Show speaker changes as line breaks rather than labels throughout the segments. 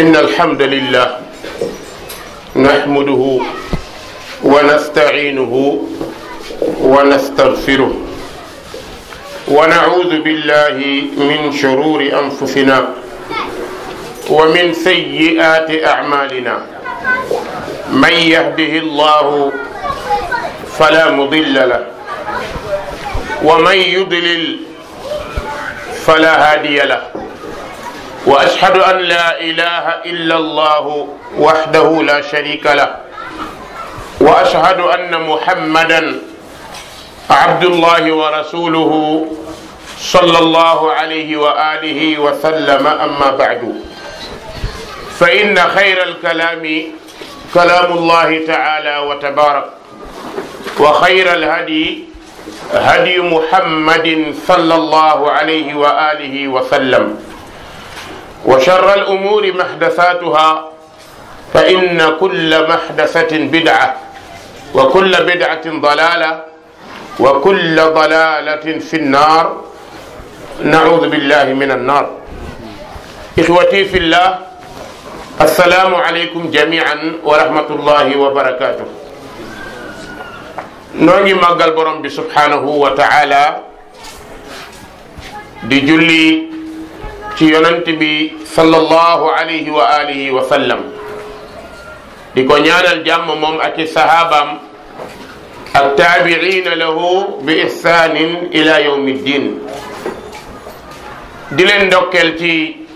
إن الحمد لله نحمده ونستعينه ونستغفره ونعوذ بالله من شرور أنفسنا ومن سيئات أعمالنا من يهده الله فلا مضل له ومن يضلل فلا هادي له واشهد ان لا اله الا الله وحده لا شريك له واشهد ان محمدا عبد الله ورسوله صلى الله عليه واله وسلم اما بعد فان خير الكلام كلام الله تعالى وتبارك وخير الهدي هدي محمد صلى الله عليه واله وسلم وشر الأمور محدثاتها فإن كل محدثة بدعة وكل بدعة ضلالة وكل ضلالة في النار نعوذ بالله من النار إخوتي في الله السلام عليكم جميعا ورحمة الله وبركاته نوغي مغال بروم بي سبحانه وتعالى دي جولي ci yonent bi sallallahu alayhi wa alihi wa di ko ñaanal jàmm moom ak i sahabaam ak lahu bi ihsanin ila yawmi di leen ndokkeel ci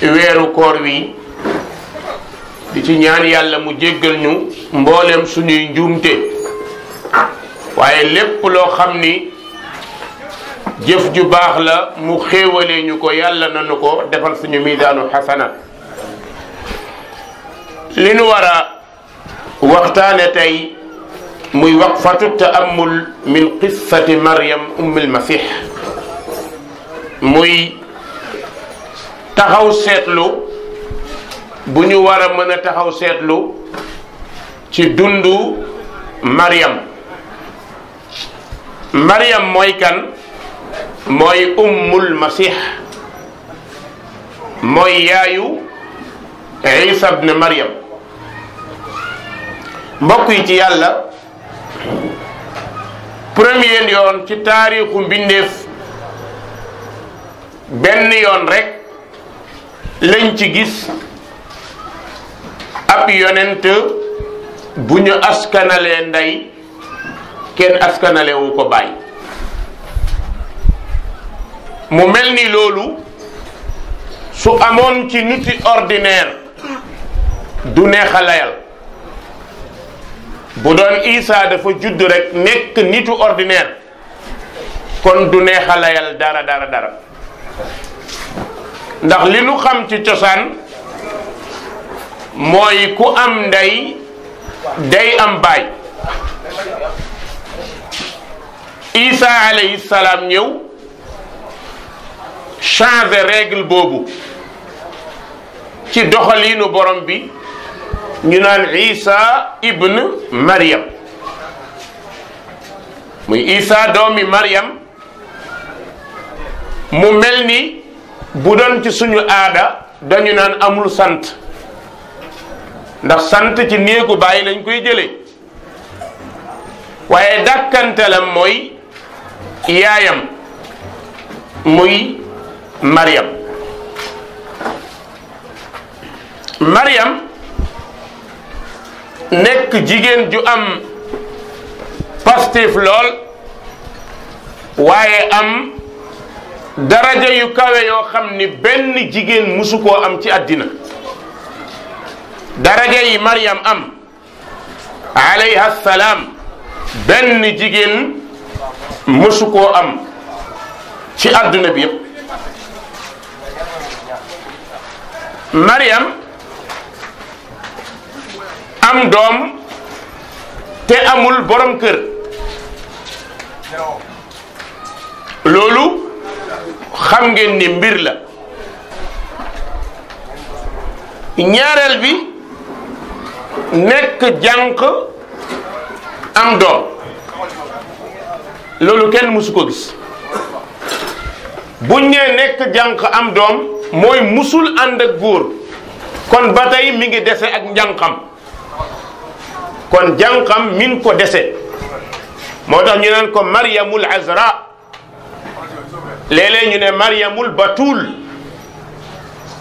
weeru koor wi di ci ñaan yàlla mu jéggal ñu mbooleem suñuy njuumte waaye lépp loo xam jëf ju baax la mu xéewalee ñu ko yàlla nanu ko defal suñu miisaanu xasana li nu wara a waxtaane tey muy waqfatu taamul min qissati maryam ummil masih muy taxaw seetlu bu ñu war a mën a taxaw seetlu ci dundu mariam maryam mooy kan mooy ummul masih mooy yaayu isa ibn Maryam mbokk yi ci yàlla premier yoon ci taarixu mbindeef benn yoon rekk lañ ci gis ab yonent bu ñu askanalee ndey kenn askanale ko bàyyi mu mel ni loolu su amoon ci niti ordinaire du neex a bu doon Isa dafa judd rek nekk nitu ordinaire kon du neex a dara dara dara ndax li nu xam ci cosaan mooy ku am ndey day am baay Isa alayhi salaam ñëw. changer règle boobu ci doxaliinu borom bi ñu naan Isa ibn Maryam muy Isa doomi Maryam mu mel ni bu doon ci suñu aada dañu naan amul sant ndax sant ci néegu bàyyi lañ koy jële waaye dàkkantalam mooy yaayam muy Maryam Maryam nekk jigéen ju am pastif lool waaye am daraja yu kawe yoo xam ni benn jigéen musu am ci àddina daraja yi Maryam am alayha salaam benn jigéen musu am ci àdduna bi yëpp Mariam am doom te amul borom kër loolu xam ngeen ni mbir la ñaareel bi nekk jànq am doom loolu kenn mësu ko gis buñ nekk jànq am doom mooy musul ànd ak góor kon ba tey mi ngi dese ak njànqam kon jànqam min ko dese moo tax ñu naan ko Maryamul Azra léeg-léeg ñu ne Maryamul Batul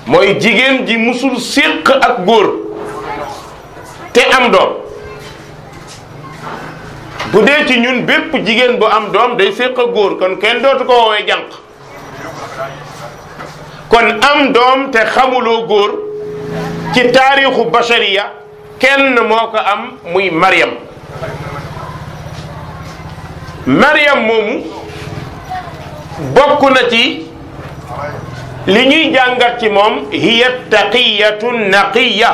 mooy jigéen ji musul séq ak góor te am doom bu dee ci ñun bépp jigéen bu am doom day séq ak góor kon kenn dootu ko woowee jànq kon am doom te xamuloo góor ci taarixu bashariya kenn moo ko am muy Mariam Mariam moomu bokk na ci li ñuy jàngat ci moom hiya taqiyatu naqiya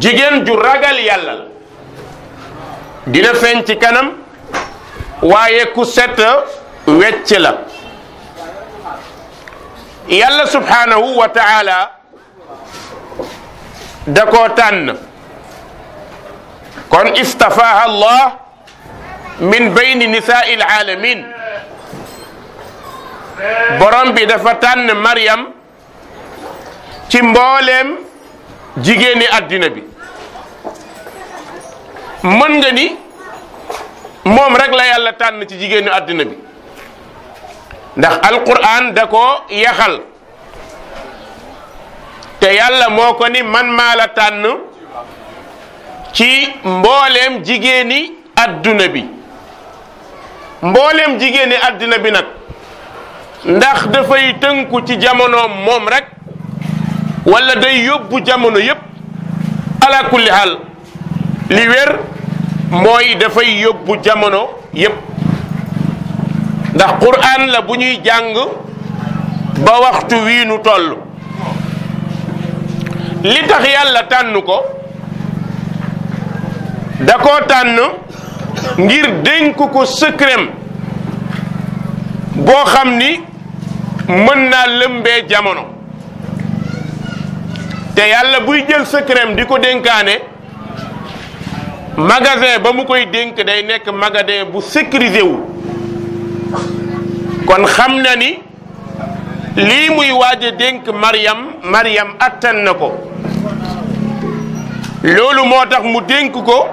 jigéen ju ragal yàlla la dina feeñ ci kanam waaye ku set wecc la yàlla subhaanahu wa taala da koo tànn kon istafaha allah min bayni nisaai alaalamin borom bi dafa tànn Maryam ci mbooleem jigéeni addina bi mën nga ni moom rek la yàlla tànn ci jigéeni addina bi ndax alquran da ko yaxal te yàlla moo ko ni man maa la tànn ci mbooleem jigéeni adduna bi mbooleem jigéeni adduna bi nag ndax dafay tënku ci jamonoom moom rekk wala day yóbbu jamono yépp ala kulli xaal li wér mooy dafay yóbbu jamono yépp ndax Qur'an la bu ñuy jàng ba waxtu wii nu toll li tax yàlla tànn ko da koo tànn ngir dénk ko secret boo xam ni mën naa lëmbee jamono te yàlla buy jël secret di ko dénkaane
magasin
ba mu koy dénk day nekk magasin bu sécurisé wu. kon xam na ni lii muy waaje a dénk Maryam Maryam attan na ko loolu moo tax mu dénk ko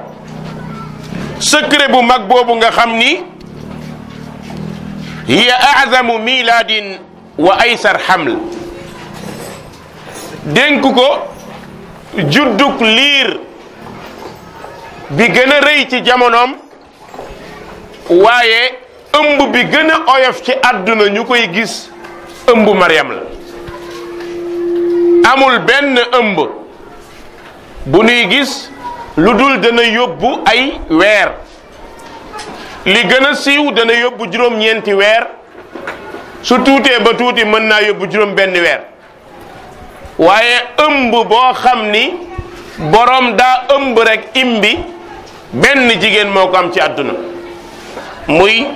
secret bu mag boobu nga xam ni hiya azamu miladin wa aysar haml dénk ko juddug liir bi gën a rëy ci jamonoom waaye ëmb bi gën oyof ci àdduna ñu koy gis ëmb Mariam la amul benn ëmb bu nuy gis lu dul dana yóbbu ay weer li gëna siiw dana yóbbu juróom-ñeenti weer su tuutee ba tuuti mën naa yóbbu juróom-benn weer waaye ëmb boo xam ni boroom daa ëmb rekk imbi benn jigéen moo ko am ci àdduna muy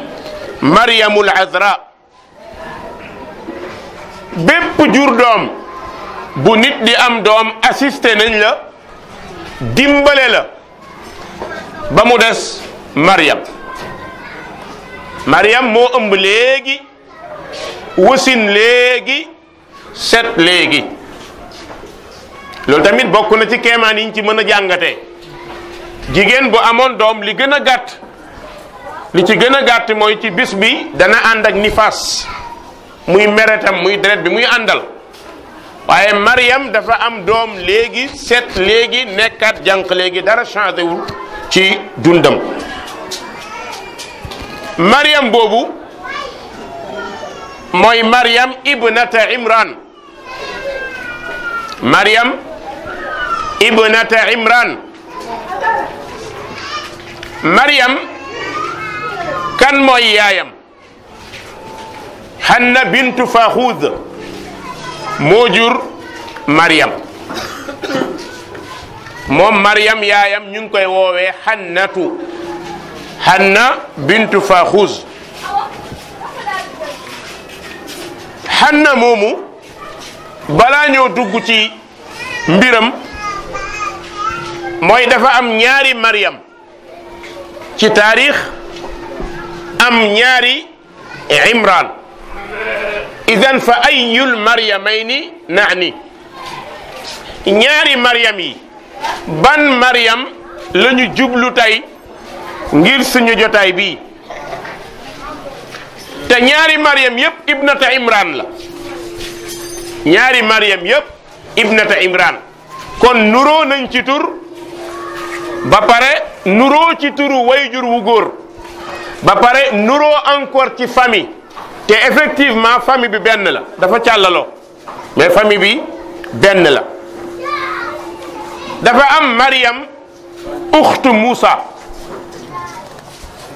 maryamul azra bépp jur doom bu nit di am doom assisté nañ la dimbale la ba mu des maryam maryam moo ëmb léegi wasin léegi set léegi loolu tamit bokk na ci keemaan yi ñu ci mën a jàngate jigéen bu amoon doom li gën a gàtt li ci gën a gàtt mooy ci bis bi dana ànd ak nifaas muy meretam muy deret bi muy àndal waaye mariyam dafa am doom léegi seet léegi nekkaat jànq léegi dara changé wul ci dundam Mariam boobu mooy mariyam ibnata Imran Mariam ibnata Imran Mariam kan mooy yaayam Hanna bintu Faxuud moojur jur Maryam moom Maryam yaayam ñu ngi koy woowee Hannatu Hanna bintu Faxuuz Hanna moomu balaa ñoo dugg ci mbiram mooy dafa am ñaari Maryam ci taarix am ñaari imran idan fa ayul ñaari maryam yi ban maryam la ñu jublu tey ngir suñu jotaay bii te ñaari maryam yëpp ibnata imran la ñaari maryam yëpp ibnata imran kon nuroo nañ ci tur ba pare nuroo ci turu wayjur góor ba pare nuroo encore ci famille te effectivement famille bi benn la dafa càllaloo mais famille bi benn la dafa am Mariam uxtu Moussa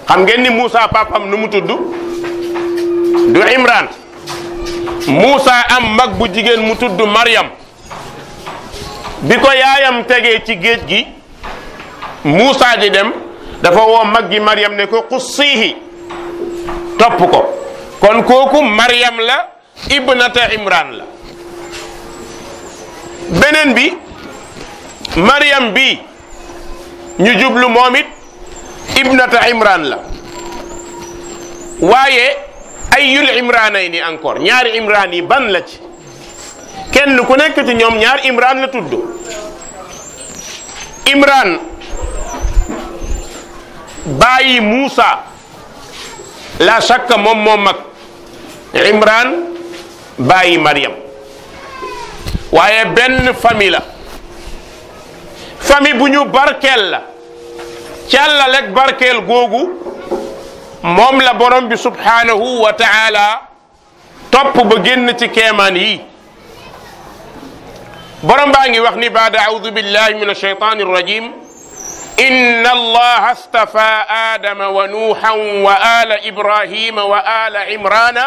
xam ngeen ni Moussa papam nu mu tudd du Imran Moussa am mag bu jigéen mu tudd Mariam bi ko yaayam tegee ci géej gi Moussa di dem. dafa woo mag gi Maryam ne ko qussiihi topp ko kon kooku mariyam la ibnata Imran la beneen bi Maryam bi ñu jublu moom it ibnata Imran la waaye ayul ni encore ñaar imran yi ban la ci kenn ku nekk ci ñoom ñaar imran la tudd imran bàyyi Moussa la shakka moom moo mag Imran bàyyi Mariam waaye benn famille la famille bu ñu barkel la càlla lekk barkeel googu moom la borom bi subhanahu wa taala topp ba génn ci keemaan yi borom baa ngi wax ni baada audu billahi min alshaytani arrajim inna allaha astafa adama wa nuuhan wa ala ibrahima wa ala imrana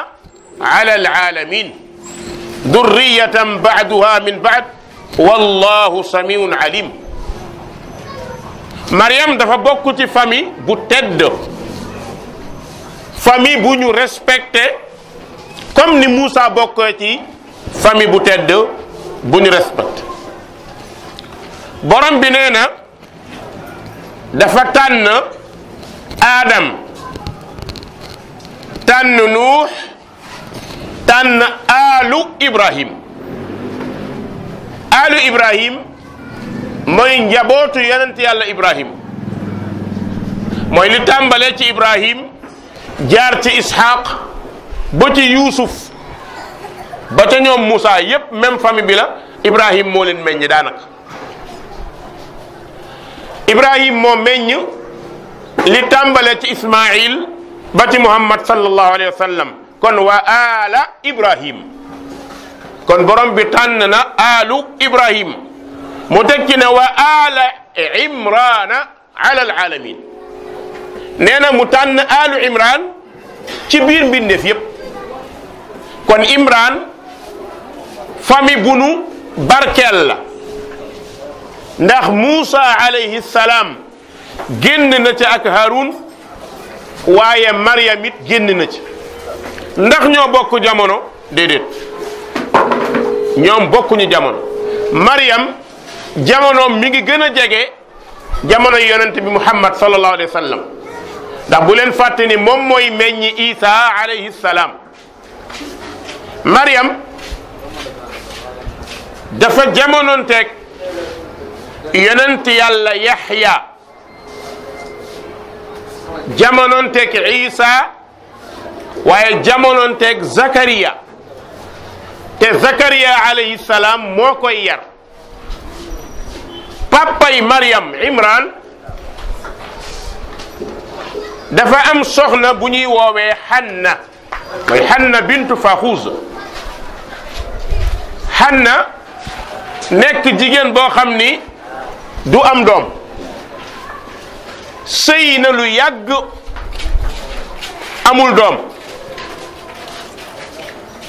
ala alalamin durriyatan baaduha min baad wallahu samiun alim mariam dafa bokk ci famille bu tedd famille bu ñu respecté comme ni Moussa bokkee ci famille bu tedd bu ñu respecté borom bi nee na dafa tànn aadam tànn nuux tànn aalu ibrahim aalu ibrahim mooy njabootu yonent yàlla ibrahim mooy li tàmbalee ci ibrahim jaar ci ishaq ba ci ñoom moussa yépp même famille bi la ibrahim moo leen meññ daanaka Ibrahim moo meññ li tàmbale ci Ismaïl ba ci Muhammad sallallahu alayhi wa kon waa Ibrahim kon borom bi tànn na aalu Ibrahim mu tekki ne waa aala Imraana ala alaalamin nee mu tànn aalu Imraan ci biir mbindeef yépp kon imran famille bu nu la. ndax Muusa alayhi salaam génn na ci ak Haroun waaye Maryam génn na ci ndax ñoo bokk jamono déedéet ñoom bokkuñu jamono Maryam jamonoom mi ngi gën a jege jamono yonent bi Muhammad sallallahu alayhi wa ndax bu leen fàtte ni moom mooy meññi Isa alayhi salaam Maryam dafa jamonoon yonent yàlla yaxya jamononteeg isa waaye jamononteeg zakariya te zakariya salaam moo koy yar papay mariam imran dafa am soxna bu ñuy woowee xanna mooy xanna bintu faxuuz xanna nekk jigéen boo xam ni du am doom sëy na lu yàgg amul doom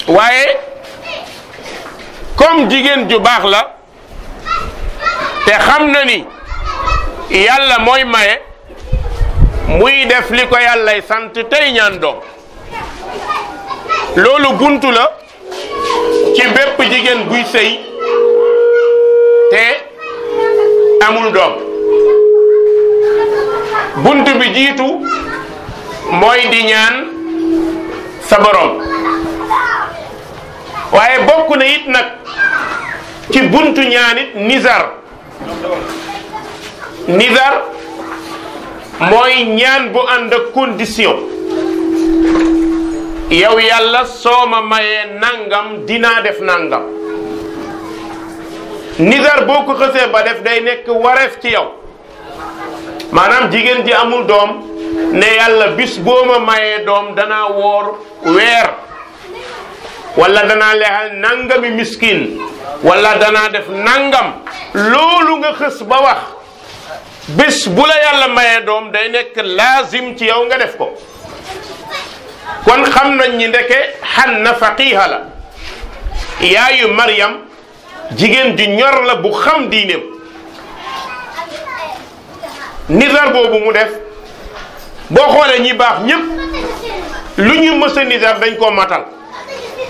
waaye comme jigéen ju baax la te xam na ni yàlla mooy maye muy def li ko yàllay sant tey ñaan doom loolu buntu la ci bépp jigéen guy sëy te amul doom bunt bi jiitu mooy di ñaan sa waaye bokk na it nag ci buntu ñaanit nizar nizar mooy ñaan bu ànd ak condition yow yàlla soo ma mayee nangam dinaa def nangam nizar boo ko xësee ba def day nekk wareef ci yow
maanaam jigéen
ji amul doom ne yàlla bis boo ma mayee doom danaa woor weer wala danaa leexal nangami miskin walla danaa def nangam loolu nga xës ba wax bis bu la yàlla mayee doom day nekk laazim ci yow nga def ko kon xam nañ ñi ndeke xanna faqiha la yaayu Maryam jigéen ju ñor la bu xam diineem nizar boobu mu def boo xoolee ñi baax ñépp lu ñuy mës nizar dañ koo matal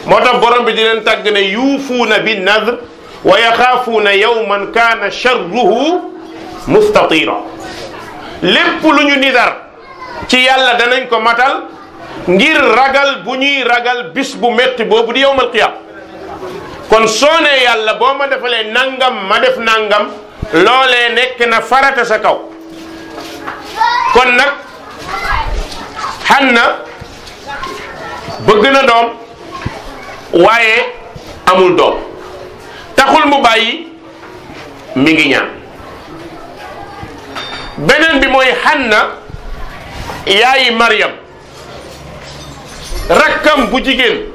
moo tax borom bi di leen tàgg ne yuufuuna bi nadr wa yaxaafuuna yawman kaana sharruhu mustatira lépp lu ñu nizar ci yàlla danañ ko matal ngir ragal bu ñuy ragal bis bu métti boobu di yawmal qiyaama kon soo nee yàlla boo ma defalee nangam ma def nangam loole nekk na farata sa kaw kon nag na bëgg na doom waaye amul doom taxul mu bàyyi mi ngi ñaan beneen bi mooy na yaayi mariyam rakkam bu jigéen.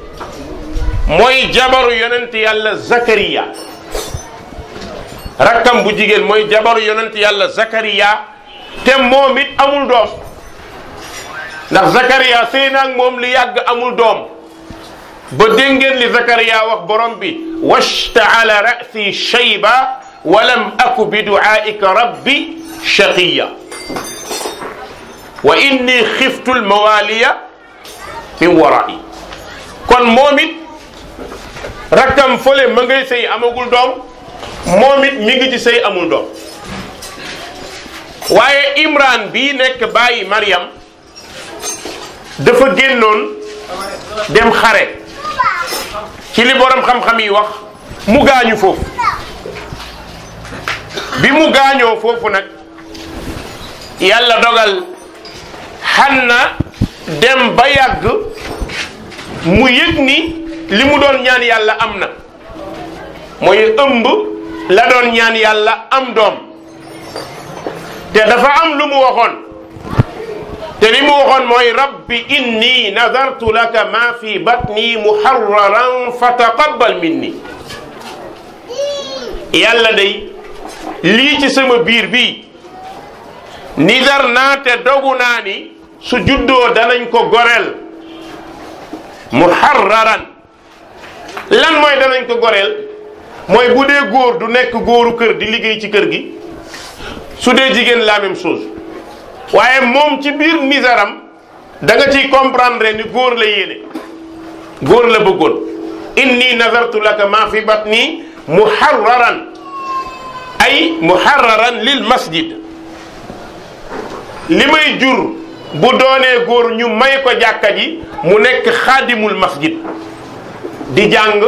mooy jabaru yonent yàlla Zakariya rakkam bu jigéen mooy jabaru yonent yàlla Zakariya te moom it amul doom ndax Zakariya sëy moom li yàgg amul doom ba dégg ngeen li Zakariya wax borom bi washtaala rasi shayba walam aku bi duaika rabbi shaqiya wa inni xiftu lmawaliya min warai kon moom rakkam fële ma ngay sëy amagul doom moom it mi ngi ci sëy amul doom waaye imraan bii nekk bàyyi Mariam dafa génnoon dem xare ci li borom xam-xam yi wax mu gaañu foofu bi mu gaañoo foofu nag yàlla dogal Hanna dem ba yàgg mu yëg ni. li mu doon ñaan yàlla am na mooy ëmb la doon ñaan yàlla am doom te dafa am lu mu waxoon te li mu waxoon mooy rabbi inni nadartu laka ma fi batni muharraran fa taqabbal minni yàlla day lii ci sama biir bii nidar naa te dogu naa ni su juddoo danañ ko goreel muharraran lan mooy danañ ko goreel mooy bu dee góor du nekk góoru kër di liggéey ci kër gi su dee jigéen la même waaye moom ci biir misaram danga nga ciy comprendre ni góor la yéene góor la bëggoon inni nazartu laka ma fi batni muharraran ay muharraran lil masjid li may jur bu doonee góor ñu may ko jàkka ji mu nekk xaadimul masjid di jàng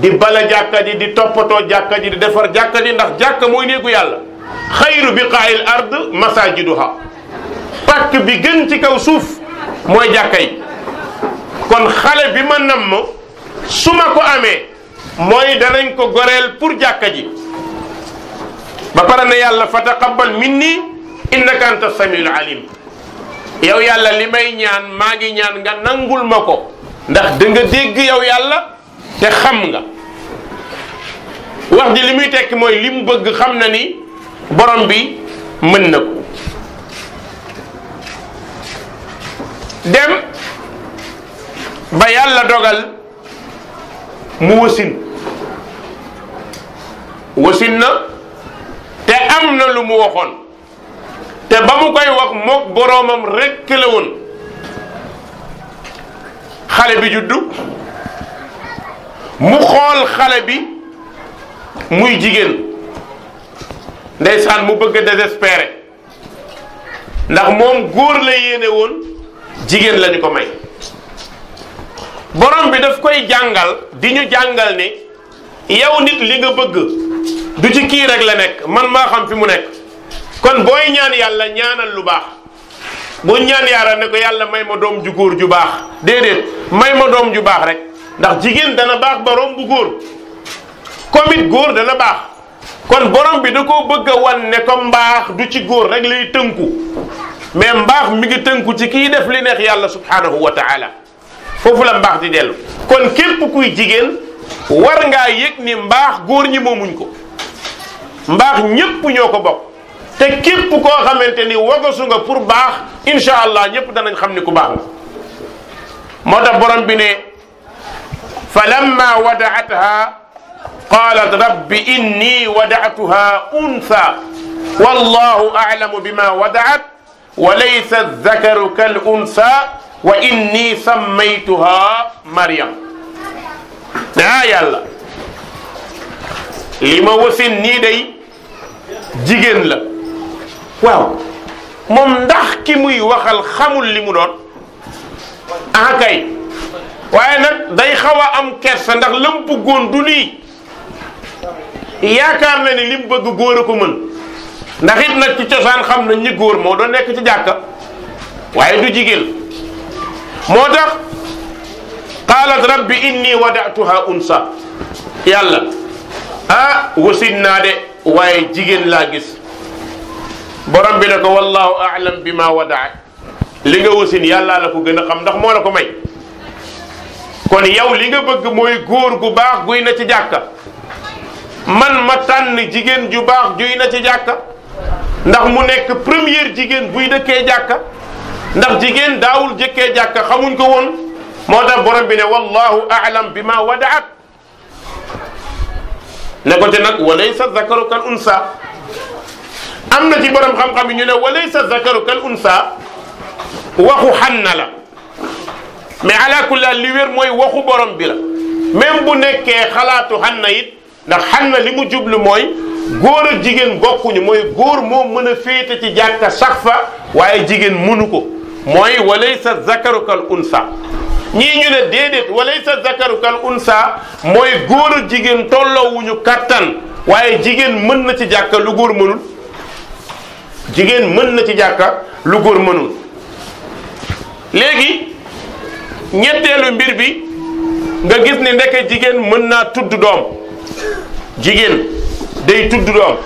di bala jàkka ji di toppatoo jàkka ji di defar jàkka ji ndax jàkka mooy néegu yàlla xayru biqaayil ard masajiduha pàkk bi gën ci kaw suuf mooy jàkka yi kon xale bi ma namm su ma ko amee mooy danañ ko goreel pour jàkka ji ba pare na yàlla fa taqabbal minni innaka anta samiul alim yow yàlla li may ñaan maa ngi ñaan nga nangul ma ko ndax da nga dégg yow yàlla te xam nga wax di li muy tekki mooy li mu bëgg xam na ni borom bi mën na ko dem ba yàlla dogal mu wasin wasin na te am na lu mu waxoon te ba mu koy wax mook boroomam rekk la woon xale bi juddu mu xool xale bi muy jigéen ndeysaan mu bëgg a ndax moom góor la yéene jigéen lañu ko may borom bi daf koy jàngal di ñu jàngal ni yow nit li nga bëgg du ci kii rek la nekk man maa xam fi mu nekk kon booy ñaan yàlla ñaanal lu baax boo ñaan yaaram ne ko yàlla may ma doom ju góor ju baax déedéet may ma doom ju baax rek ndax jigéen dana baax boroom bu góor comme góor dana baax kon borom bi da koo bëgg wan ne ko mbaax du ci góor rek lay tënku mais mbaax mi ngi tënku ci kii def li neex yàlla subhanahu wa taala foofu la mbaax di dellu kon képp kuy jigéen war ngaa yëg ni mbaax góor ñi moomuñ ko mbaax ñépp ñoo ko bokk te képp koo xamante ni wagasu nga pour baax incha allah ñëpp danañ xam ni ku baax nga moo tax borom bi ne fa lamma wadaatha qalat rabbi inni wadaatuha untha wallahu alamu bima wadaat wa laysa dhakaru kal untha wa inni sammaytuha mariam aa yàlla li ma wasin nii day jigéen la waaw moom ndax ki muy waxal xamul li mu doon ah kay waaye nag day xaw a am kersa ndax la mu bëggoon du lii yaakaar na ni li mu bëgg góor a ko mën ndax it nag ci xam nañ ni góor moo doon nekk ci jàkka waaye du jigéen moo tax qaalat rabbi inni wadaatuha unsa yàlla ah wasin naa de waaye jigéen laa gis borom bi ne ko wallahu aalam bi ma wadaat li nga wasin yàllaa la ko gën a xam ndax moo la ko may kon yow li nga bëgg mooy góor gu baax guy na ci jàkka man ma tànn jigéen ju baax juy na ci jàkka ndax mu nekk première jigéen buy dëkkee jàkka ndax jigéen daawul jëkkee jàkka xamuñ ko woon moo tax borom bi ne wallahu aalam bi ma wadaat ne ko te na walaysa zakaru kal unsa am na ci borom xam-xam ñu ne walaysa zakaru kal unsa waxu xanna la mais ala kulli li wér mooy waxu borom bi la même bu nekkee xalaatu xanna it ndax xanna li mu jublu mooy góor ak jigéen bokkuñu mooy góor moo mën a féete ci jàkka sax fa waaye jigéen mënu ko mooy walaysa zakaru kal unsa ñii ñu ne déedéet walaysa zakaru kal unsa mooy góor jigéen tolloowuñu kattan waaye jigéen mën na ci jàkka lu góor mënul jigéen mën na ci jàkka lu góor mënul léegi ñetteelu mbir bi nga gis ni ndeke jigéen mën naa tudd doom jigéen day tudd doom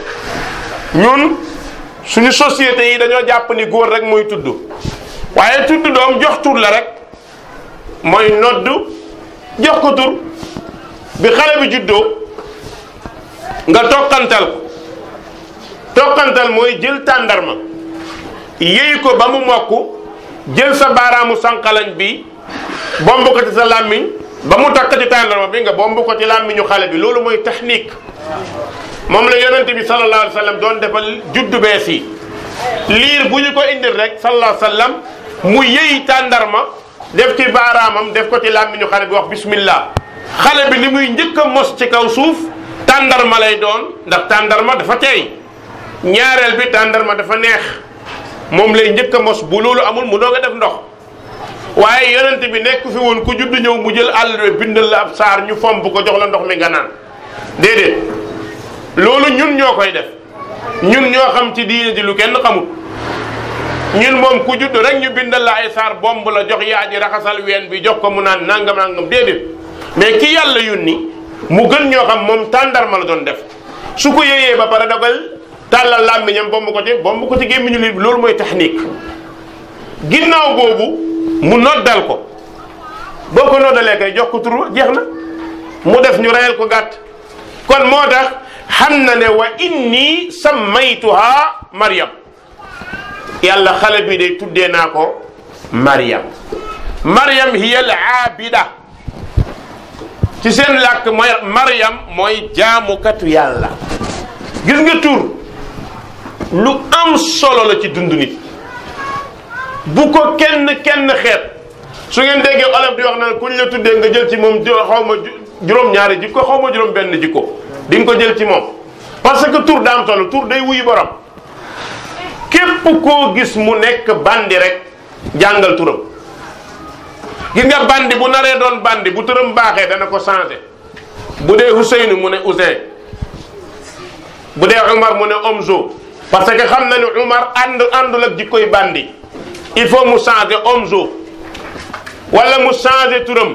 ñun suñu société yi dañoo jàpp ni góor rek mooy tudd waaye tudd doom jox tur la rek mooy nodd jox ko tur bi xale bi juddoo nga tokkantal toqantal mooy jël tàndarma yéy ko ba mu mokk jël sa baaraamu sànqalañ bi bomb ko ci sa làmmiñ ba mu takk ci tàndarma bi nga bomb ko ci làmmiñu xale bi loolu mooy technique moom la yonente bi sallallahu alayhi wa doon defal juddu bees yi liir bu ñu ko indil rek sallallahu alayhi wa mu yéy tàndarma def ci baaraamam def ko ci làmmiñu xale bi wax bismillah xale bi li muy njëkk a mos ci kaw suuf tàndarma lay doon ndax tàndarma dafa teey ñaareel bi tàndarma dafa neex moom lay njëkk a mos bu loolu amul mu doog a def ndox waaye yonent bi nekk fi woon ku judd ñëw mu jël àll bi bindal la ab saar ñu fomp ko jox la ndox mi nga naan déedéet loolu ñun ñoo koy def ñun ñoo xam ci diine ji lu kenn xamul ñun moom ku judd rek ñu bindal la ay saar bomb la jox yaa ji raxasal ween bi jox ko mu naan nangam nangam déedéet mais ki yàlla yónni mu gën ñoo xam moom tàndarma la doon def su ko yëyee tàllal làmmiñam bomb ko ci bomb ko ci gémmiñu li loolu mooy technique ginnaaw boobu mu noddal ko boo ko noddalee jox ko turu jeex na mu def ñu rayal ko gàtt kon moo tax xam na ne wa inni sammaytuha mariyam yàlla xale bii day tudde naa ko Maryam Maryam hiya al aabida ci seen làkk mooy Maryam mooy jaamukatu yàlla gis nga tur lu am solo la ci dund nit bu ko kenn kenn xeet su ngeen déggee olof di wax naan kuñ la tuddee nga jël ci moom xaw ma juróom-ñaari jikko xaw ma juróom jikko di ko jël ci moom parce que tur daam solo tur day wuyu borom képp ko gis mu nekk bandi rek jàngal turam gis nga bandi bu naree doon bandi bu turam baaxee dana ko changé bu dee Ousseynou mu ne Ousseyn bu dee mar mu ne Omzo parce que xam na ni Umar ànd àndul ak jikkoy bandi il faut mu changer Omzo walla mu changer turam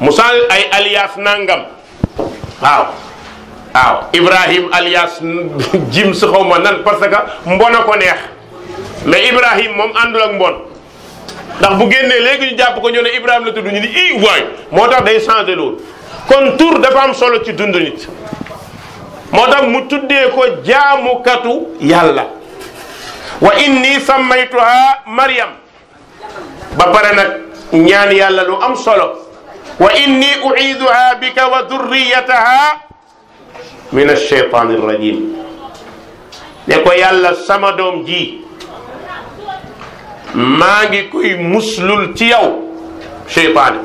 mu changer ay alias nangam waaw waaw Ibrahim alias jim si xaw ma nan parce que mbon a ko neex mais Ibrahim moom àndul ak mbon ndax bu génnee léegi ñu jàpp ko ñu ne Ibrahim la tudd ñu ni i waay moo tax day changer lool kon tur dafa am solo ci dund moo tax mu tuddee ko jaamukatu yàlla wa inni mariam Maryam ba pare ñaan yàlla lu am solo wa inni uiduha bika wa durriyataha min alcheytan irrajim ne ko yàlla sama doom ji maa ngi koy muslul ci yow cheytaane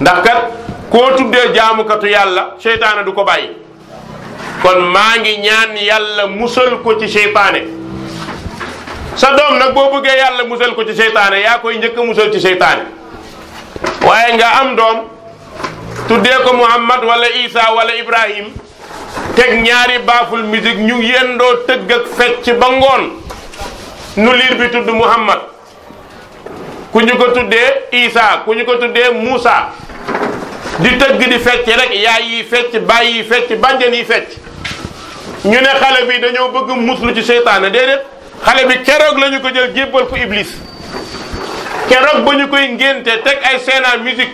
ndax kat koo jaamukatu yàlla cheytaane du ko bàyyi kon maa ngi ñaan yàlla musal ko ci seytaane sa doom nag boo bëggee yàlla musal ko ci seytaane yaa koy njëkk a musal ci seytaane waaye nga am doom tuddee ko Muhammad wala Isa wala Ibrahim teg ñaari baaful musique ñu yendoo tëgg ak fecc ba ngoon nu liir bi tudd Muhammad ku ñu ko tuddee Isa ku ñu ko tuddee muusa di tëgg di fecc rek yaay yi fecc baay yi fecc bàjjen yi fecc ñu ne xale bi dañoo bëgg muslu ci seytaane déedéet xale bi keroog lañu ko jël jébbal ko iblis keroog ba ñu koy ngénte teg ay seenaa musique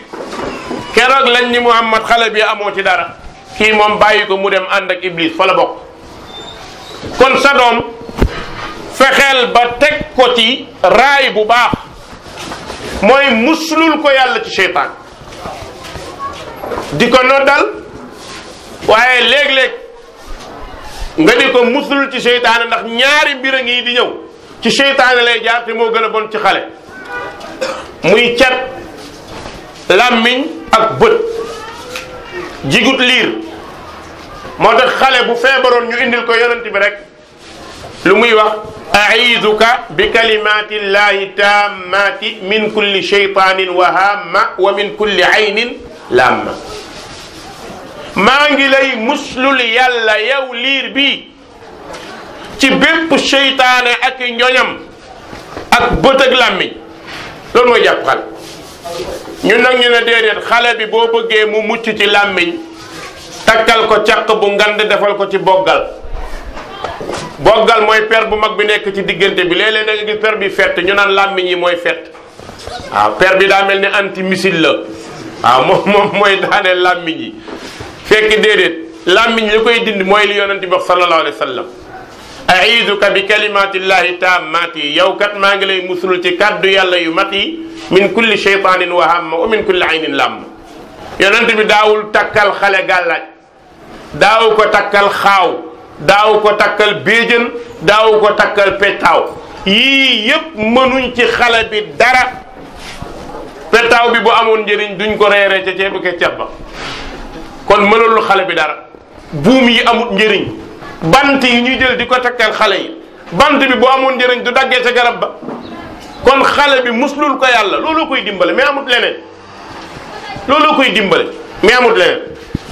keroog lañ ni Muhammad xale bi amoo ci dara kii moom bàyyi ko mu dem ànd ak iblis fa la bokk kon sa doom fexeel ba teg ko ci raay bu baax mooy muslul ko yàlla ci seytaan di ko noddal waaye léeg-léeg nga di ko musul ci seytaane ndax ñaari mbir a ngi di ñëw ci seytaane lay jaar te moo gën a bon ci xale muy cat làmmiñ ak bët jigut liir moo tax xale bu feebaroon ñu indil ko yonent bi rek lu muy wax aiduka bi kalimati llahi tammati min kulli sheytanin wa hamma wa min kulli aynin lamma maa ngi lay mus muslul yàlla yow liir bi ci bépp seytaane ak ñoñam ak bët ak làmmiñ loolu mooy jàpp xal ñun nag ñu ne déedéet xale bi boo bëggee mu mucc ci làmmiñ takkal ko caq bu ngande defal ko ci boggal boggal mooy per bu mag bi nekk ci diggante bi léeg-léeg da nga per bi fett ñu naan làmmiñ yi mooy fet waaw per bi daa mel ni anti missile la waaw moom moom mooy daaneel làmmiñ yi fekk déedéet làmmiñ li koy dindi mooy li yonent bi wax sallallahu alayhi wa sallam aiduka bi kalimatillahi tammati yow kat maa ngi lay musul ci kàddu yàlla yu mat yi min kulli shaytanin wa hamma wa min kulli aynin làmm yonent bi daawul takkal xale gàllaaj daaw ko takkal xaaw daaw ko takkal béjjën daaw ko takkal pettaaw yii yëpp mënuñ ci xale bi dara pettaaw bi bu amoon njëriñ duñ ko reeree ca ceebu keccab ba kon mënul xale bi dara buum yi amut njëriñ bant yi ñuy jël di ko tegtal xale yi bant bi bu amoon njëriñ du daggee ca garab ba kon xale bi muslul ko yàlla looloo koy dimbale mais amut leneen looloo koy dimbale mais amut leneen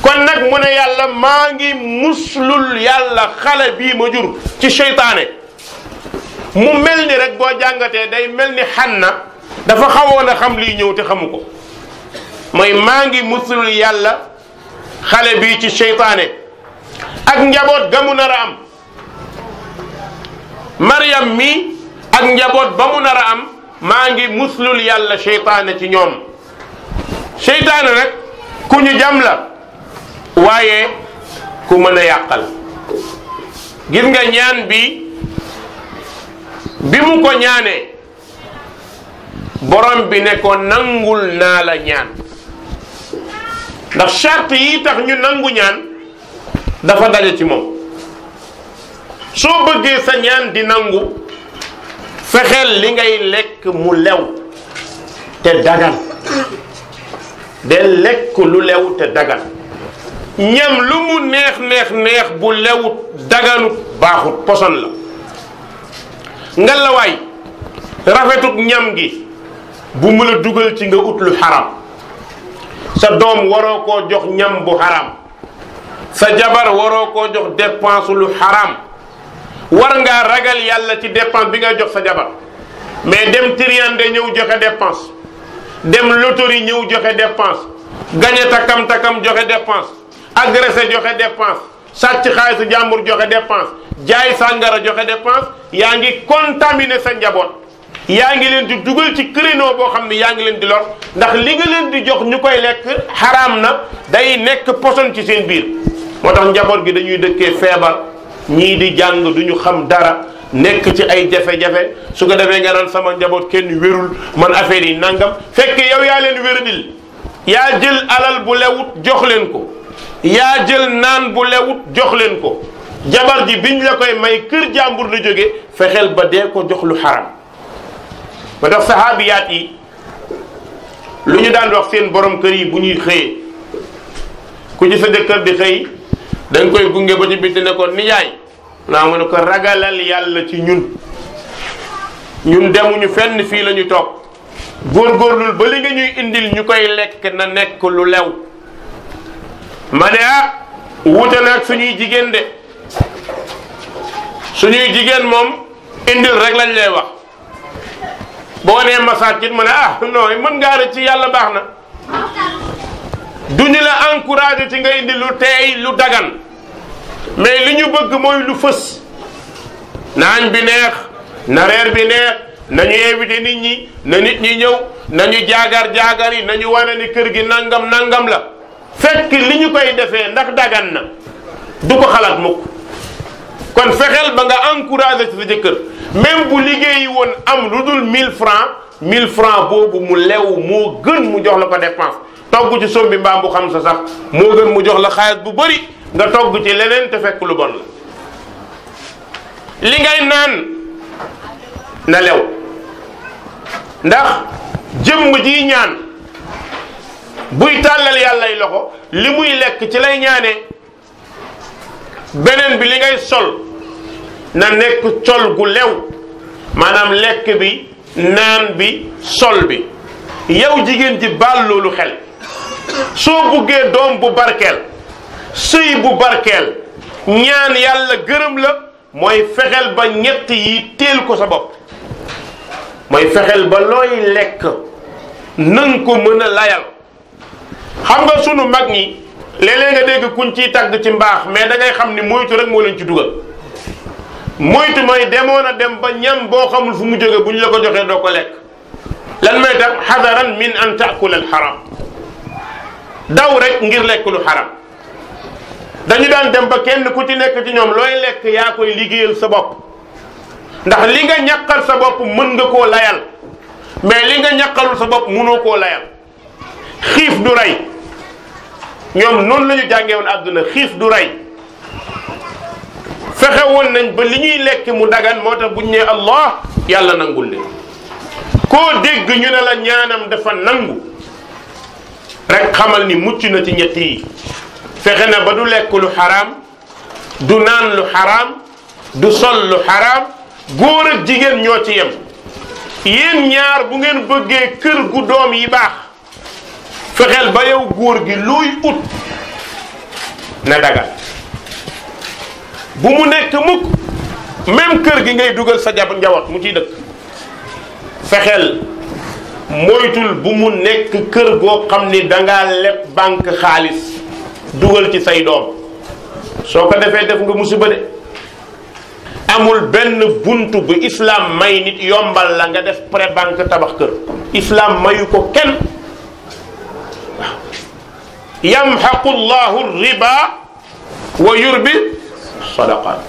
kon nag mu ne yàlla maa ngi muslul yàlla xale bii ma jur ci seytaane mu mel ni rek boo jàngatee day mel ni na dafa xawoon a xam lii ñëw te xamu ko mooy maa ngi muslul yàlla xale bii ci seytaane ak njaboot ga mu nar a Mariam mi ak njaboot ba mu nar a am maa ngi muslul yàlla seytaane ci ñoom seytaane nag ku ñu jam la waaye ku mën a yàqal gis nga ñaan bi bi mu ko ñaanee borom bi ne ko nangul naa la ñaan ndax charte yi tax ñu nangu ñaan dafa daje ci moom soo bëggee sa ñaan di nangu fexeel li ngay lekk mu lew te dagan de lekk lu lew te dagan ñam lu mu neex neex neex bu lewut daganut baaxut poson la ngalawaay rafetut ñam gi bu mu la dugal ci nga ut lu xaram sa doom waroo ko jox ñam bu xaram sa jabar waroo ko jox dépense lu xaram war ngaa ragal yàlla ci dépense bi nga jox sa jabar mais dem triande ñëw joxe dépense dem loterie ñëw joxe dépense gañe takkam takam joxe dépense agressé joxe dépense sàcc xaalisu jàmbur joxe dépense jaay sàngara joxe dépense yaa ngi contaminé sa njaboot. yaa ngi leen di dugal ci créneau boo xam ne yaa ngi leen di lor ndax li nga leen di jox ñu koy lekk xaraam na day nekk poson ci seen biir moo tax njaboot gi dañuy dëkkee feebar ñii di jàng duñu xam dara nekk ci ay jafe-jafe su ko defee nga naan sama njaboot kenn wérul man affaire yi nangam fekk yow yaa leen wéradil yaa jël alal bu lewut jox leen ko yaa jël naan bu lewut jox leen ko jabar ji biñ la koy may kër jàmbur la jóge fexeel ba dee ko jox lu ba tax saxaabiyaat yi lu ñu daan wax seen borom kër yi bu ñuy xëyee ku ci sa jëkkër di xëy dañ koy gunge ba ci biti nekkoon ko nijaay naa mu ne ko ragalal yàlla ci ñun ñun demuñu fenn fii la ñu toog góorgóorlul ba li nga ñuy indil ñu koy lekk na nekk lu lew ma ne ah wuute na ak suñuy jigéen de suñuy jigéen moom indil rek lañ lay wax boo nee masaakit mu ne ah non mën ngaa rëcc ci yàlla baax na du ñu la encouragé ci nga indi lu teey lu dagan mais li ñu bëgg mooy lu fës naañ bi neex na reer bi neex nañu invité nit ñi na nit ñi ñëw nañu jaagar jaagar yi nañu wane ni kër gi nangam nangam la fekk li ñu koy defee ndax dagan na du ko xalaat mukk kon fexeel ba nga encouragé ci sa jëkkër même bu liggéeyi woon am lu dul 1000 francs 1000 francs boobu mu lew moo gën mu jox la ko dépense togg ci sombi mbaam bu xam sa sax moo gën mu jox la xaalis bu bari nga togg ci leneen te fekk lu bon la li ngay naan na lew ndax jëmm ji ñaan buy tàllal yàllay loxo li muy lekk ci lay ñaanee beneen bi li ngay sol na nekk col gu lew maanaam lekk bi naan bi sol bi yow jigéen ji baal loolu xel soo buggee doom bu barkeel sëy bu barkeel ñaan yàlla gërëm la mooy fexeel ba ñett yi teel ko sa bopp mooy fexeel ba looy lekk nang ko mën a layal xam nga sunu mag ñi léeg-léeg nga dégg kuñ ciy tàgg ci mbaax mais da xam ni moytu rek moo leen ci dugal moytu mooy demoon a dem ba ñam boo xamul fu mu jógee bu ñu la ko joxee doo ko lekk lan may tax xadaran min an taakula al xaram daw rek ngir lekk lu xaram dañu daan dem ba kenn ku ci nekk ci ñoom looy lekk yaa koy liggéeyal sa bopp ndax li nga ñaqal sa bopp mën nga koo layal mais li nga ñaqalul sa bopp mënoo koo layal xiif du rey ñoom noonu lañu ñu jàngee na àdduna xiif du rey fexe woon nañ ba li ñuy lekk mu dagan moo tax buñ ne allah yàlla nangul leen koo dégg ñu ne la ñaanam dafa nangu rek xamal ni mucc na ci ñett yi fexe na ba du lekk lu xaraam du naan lu xaraam du sol lu xaram góor ak jigéen ñoo ci yem yéen ñaar bu ngeen bëggee kër gu doom yi baax fexeel ba yow góor gi luy ut na dagal bu mu nekk mukk même kër gi ngay dugal sa jab njaboot mu ciy dëkk fexeel moytul bu mu nekk kër goo xam ni danga leb banque xaalis dugal ci say doom soo ko defee def nga musiba de amul benn bunt bu islaam may nit yombal la nga def pré banque tabax kër islaam mayu ko kenn yamhaqu llahu riba wa yurbi sadaqaat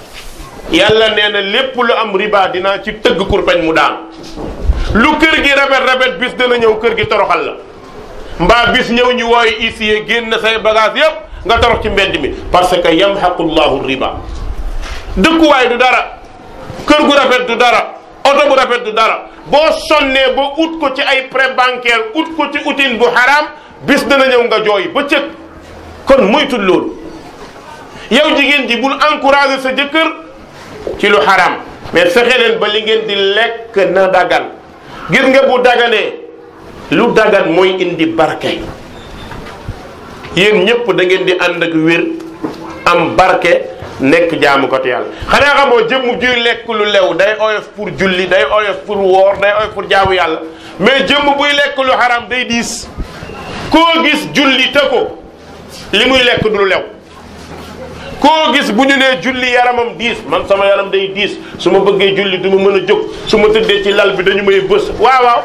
yàlla nee na lépp lu am riba dinaa ci tëgg kurpeñ mu daan lu kër gi rafet rafet bis dana ñëw kër gi toroxal la mbaa bis ñëw ñu wooyu huissier génn say bagage yépp nga torox ci mbedd mi parce que yamhaqu llahu riba dëkkuwaay du dara kër gu rafet du dara oto bu rafet du dara boo sonnee ba ut ko ci ay prêt bancaire ut ko ci utin bu xaraam bis dana ñëw nga jooy ba cëg kon moytul loolu yow jigéen ji bul encouragé sa jëkkër ci lu xaraam mais fexe leen ba li ngeen di lekk na dagan gis nga bu daganee lu dagan mooy indi barke yéen ñëpp da ngeen di ànd ak wér am barke nekk jaamu ko te yàlla xanaa xamoo jëmm juy lekk lu lew day oyof pour julli day oyof pour woor day oyof pour jaamu yàlla mais jëmm buy lekk lu xaraam day diis koo gis julli te ko li muy lekk du lu lew koo gis bu ñu nee julli yaramam diis man sama yaram day diis su ma bëggee julli du ma mën a jóg su ma tëddee ci lal bi dañu may bës waaw waaw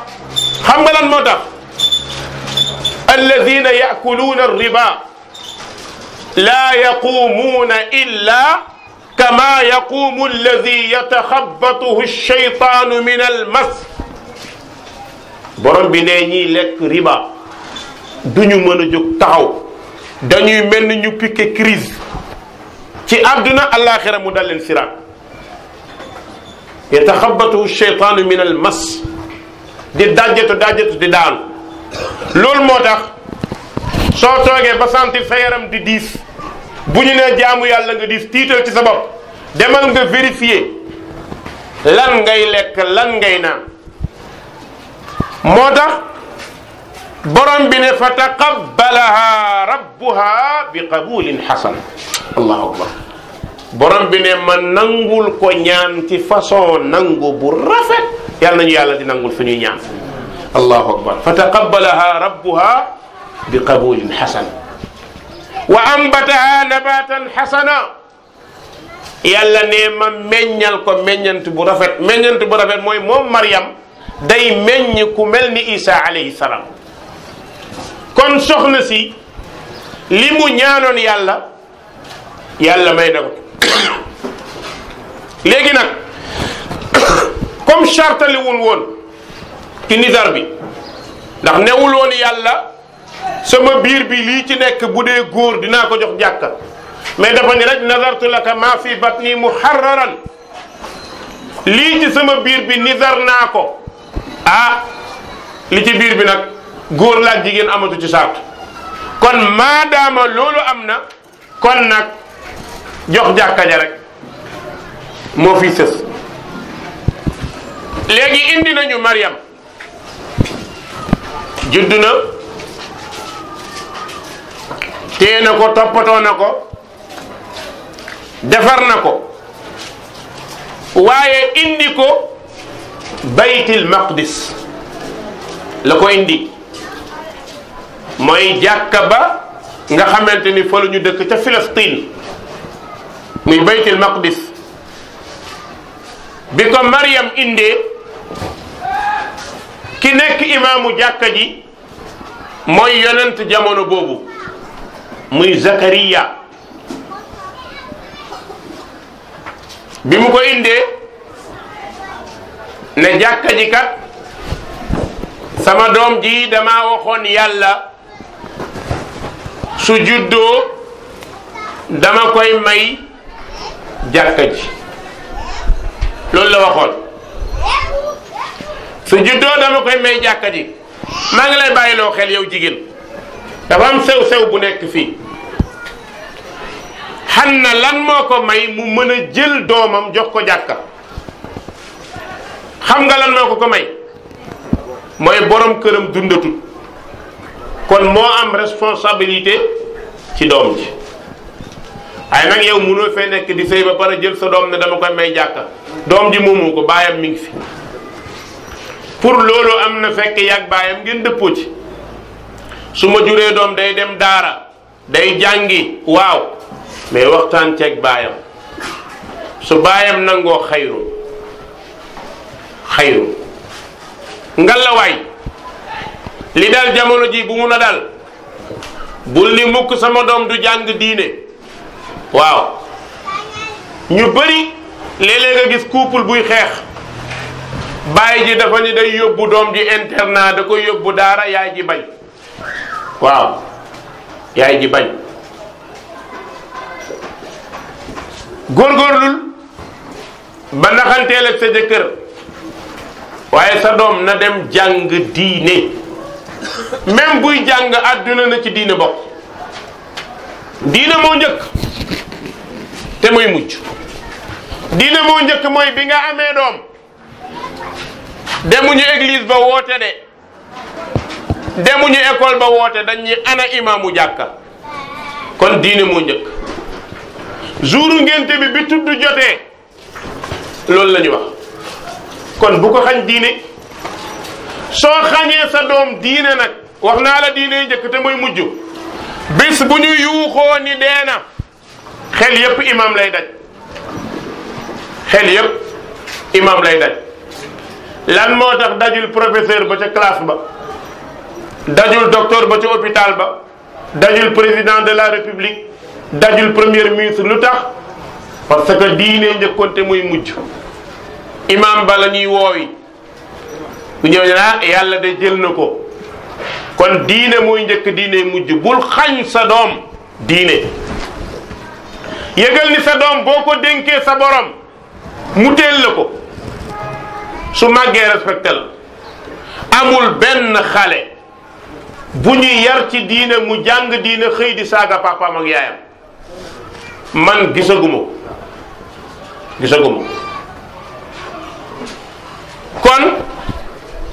xam nga lan moo tax alladina yakuluuna riba laa yaqumuuna illa kama yaqumu alladi yataxabatuhu shaytaanu min almas borom bi ne ñiy lekk riba duñu mën a jóg taxaw dañuy mel ni ñu piqué crise ci àdduna àllaaxira mu dal leen siraat yataxabatu cheytaanu min al mas di dàjjat dàjjat di daanu loolu moo tax soo toogee ba sentir sa yaram di diis bu ñu nee jaamu yàlla nga diis tiital ci sa bopp demal nga vérifier lan ngay lekk lan ngay naan moo tax borom bi ne fa taqabbalaha rabbuha bi qabulin hasan allahu akbar borom bi ne ma nangul ko ñaan ci nangu bu rafet yàlla nañu yàlla di nangul suñuy ñaan allahu akbar fa taqabbalaha rabbuha bi qabulin hasan wa ambataha nabatan hasana yàlla ne ma meññal ko meññant bu rafet meññant bu rafet mooy moom Maryam day meññ ku mel ni Isa alayhi salaam kon soxna si li mu ñaanoon yàlla yàlla may na ko léegi nag comme chartaliwul woon ci nidar bi ndax newul woon yàlla sama biir bi lii ci nekk bu dee góor dinaa ko jox jàkka mais dafa ni rek nazartu laka maa fi batni muharraran lii ci sama biir bi nidar naa ko ah li ci biir bi nag góor la jigéen amatu ci sartu kon maadaama loolu am na kon nag jox jàkka ja rek moo fi sës léegi indi nañu Mariam judd na téye na ko toppatoo na ko defar na ko waaye indi ko baytil maqdis la ko indi mooy jàkka ba nga xamante ni fa la ñu dëkk ca Filastin muy baytil maqdis bi ko Mariam inde ki nekk imaamu jàkka ji mooy yonent jamono boobu muy Zakariya bi mu ko indee ne jàkka ji kat sama doom ji dama waxoon yàlla su juddoo dama koy may jàkka ji loolu la waxoon su juddoo dama koy may jàkka ji maa ngi lay bàyyiloo xel yow jigéen dafa am sew-sew bu nekk fii xam na lan moo ko may mu mën a jël doomam jox ko jàkka xam nga lan moo ko ko may mooy borom këram dundatul kon moo am responsabilité ci doom ji waaye nag yow mënoo fee nekk di sëy ba pare jël sa doom ne dama koy may jàkka doom ji moomu ko baayam mi ngi fi pour loolu am na fekk yàgg baayam ngeen dëppoo ci su ma juree doom day dem daara day jàngi waaw mais waxtaan ceeg baayam su baayam nangoo xayru xayru ngalawaay li dal jamono ji bu mun a dal bul ni mukk sama doom du jàng diine waaw ñu bëri léeg nga gis couple buy xeex bàyyi ji dafa ni day yóbbu doom ji internat da koy yóbbu daara yaay ji bañ waaw yaay ji bañ góorgóorlul ba naxanteel ak sa jëkkër waaye sa doom na dem jàng diine même buy jàng àdduna na ci diine bokk diina moo njëkk te mooy mujj diina moo njëkk mooy bi nga amee doom demuñu église ba woote de demuñu école ba woote dañuy ana imaamu jàkka kon diina moo njëkk jouru ngénte bi bi tudd jotee loolu la ñu wax kon bu ko xañ diine soo xañee sa doom diine nag wax naa la diine njëkk te muy mujj bis bu ñu yuuxoo ni dee na xel yëpp imam lay daj xel yëpp imam lay daj lan moo tax dajul professeur ba ca classe ba dajul docteur ba ca hôpital ba dajul président de la république dajul premier ministre lu tax parce que diine njëkkoonte muy mujj imam ba la ñuy woowi ku ñëw ne ah, yàlla de jël na ko kon diine mooy njëkk diine mujj bul xañ sa doom diine yëgal ni sa doom boo ko dénkee sa borom mu teel la ko su màggee respecté la amul benn xale bu ñuy yar ci diine mu jàng diine xëy di saaga papaam ak yaayam man gisaguma ko gisaguma kon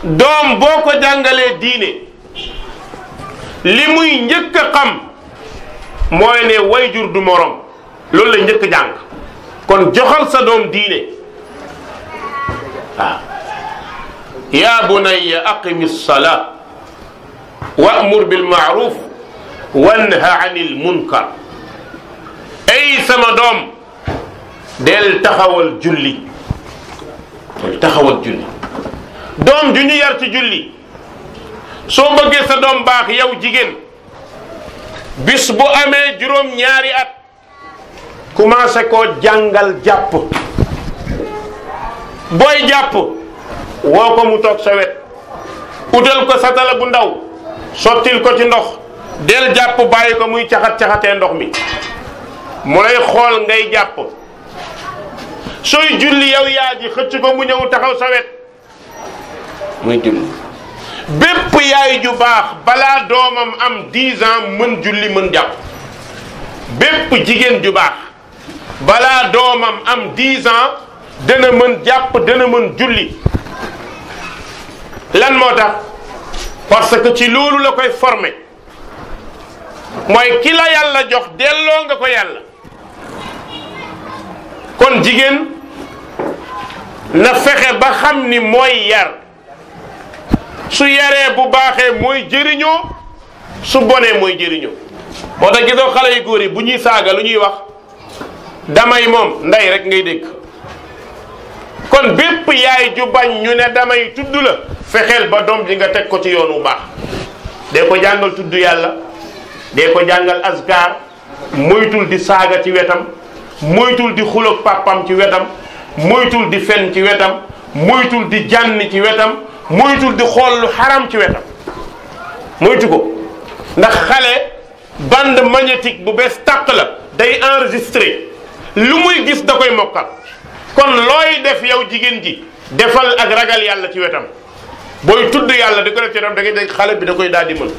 doom boo ko jàngalee diine li muy njëkk a xam mooy ne wayjur du morom loolu la njëkk jàng kon joxal sa doom diine waaw yaa bunayya aqimi salaa wa'mur bil ma'ruf wanha anil munkar ay sama doom del taxawal julli del taxawal julli doom ju ñu yar ci julli soo bëggee sa doom baax yow jigéen bis bu amee juróom ñaari at commencé koo jàngal jàpp booy jàpp woo ko mu toog sa wet utal ko satala bu ndaw sottil ko ci ndox del jàpp bàyyi ko muy caxat-caxatee ndox mi mu lay xool ngay jàpp sooy julli yow yaa ji xëcc ko mu ñëw taxaw sa wet muy julli bépp yaay ju baax balaa doomam am 10 ans mën julli mën jàpp bépp jigéen ju baax balaa doomam am 10 ans dana mën jàpp dana mën julli lan moo tax parce que ci loolu la koy forme mooy ki la yàlla jox delloo nga ko yàlla kon jigéen na fexe ba xam ni mooy yar su yaree bu baaxee mooy jëriñoo su bonee mooy jëriñoo moo tax gisoo xale yu góor yi bu ñuy saaga lu ñuy wax damay moom ndey rek ngay dégg kon bépp yaay ju bañ ñu ne damay tudd la fexeel ba doom ji nga teg ko ci yoon wu baax dee ko jàngal tudd yàlla dee ko jàngal askar moytul di saaga ci wetam moytul di xuloog pàppam ci wetam moytul di fen ci wetam moytul di jànn ci wetam moytul di xool lu xaram ci wetam moytu ko ndax xale bande magnétique bu bees tàq la day enregistré lu muy gis da koy mokkal kon looy def yow jigéen ji defal ak ragal yàlla ci wetam booy tudd yàlla da ko def ci wetam da ngay dégg xale bi da koy daal di mën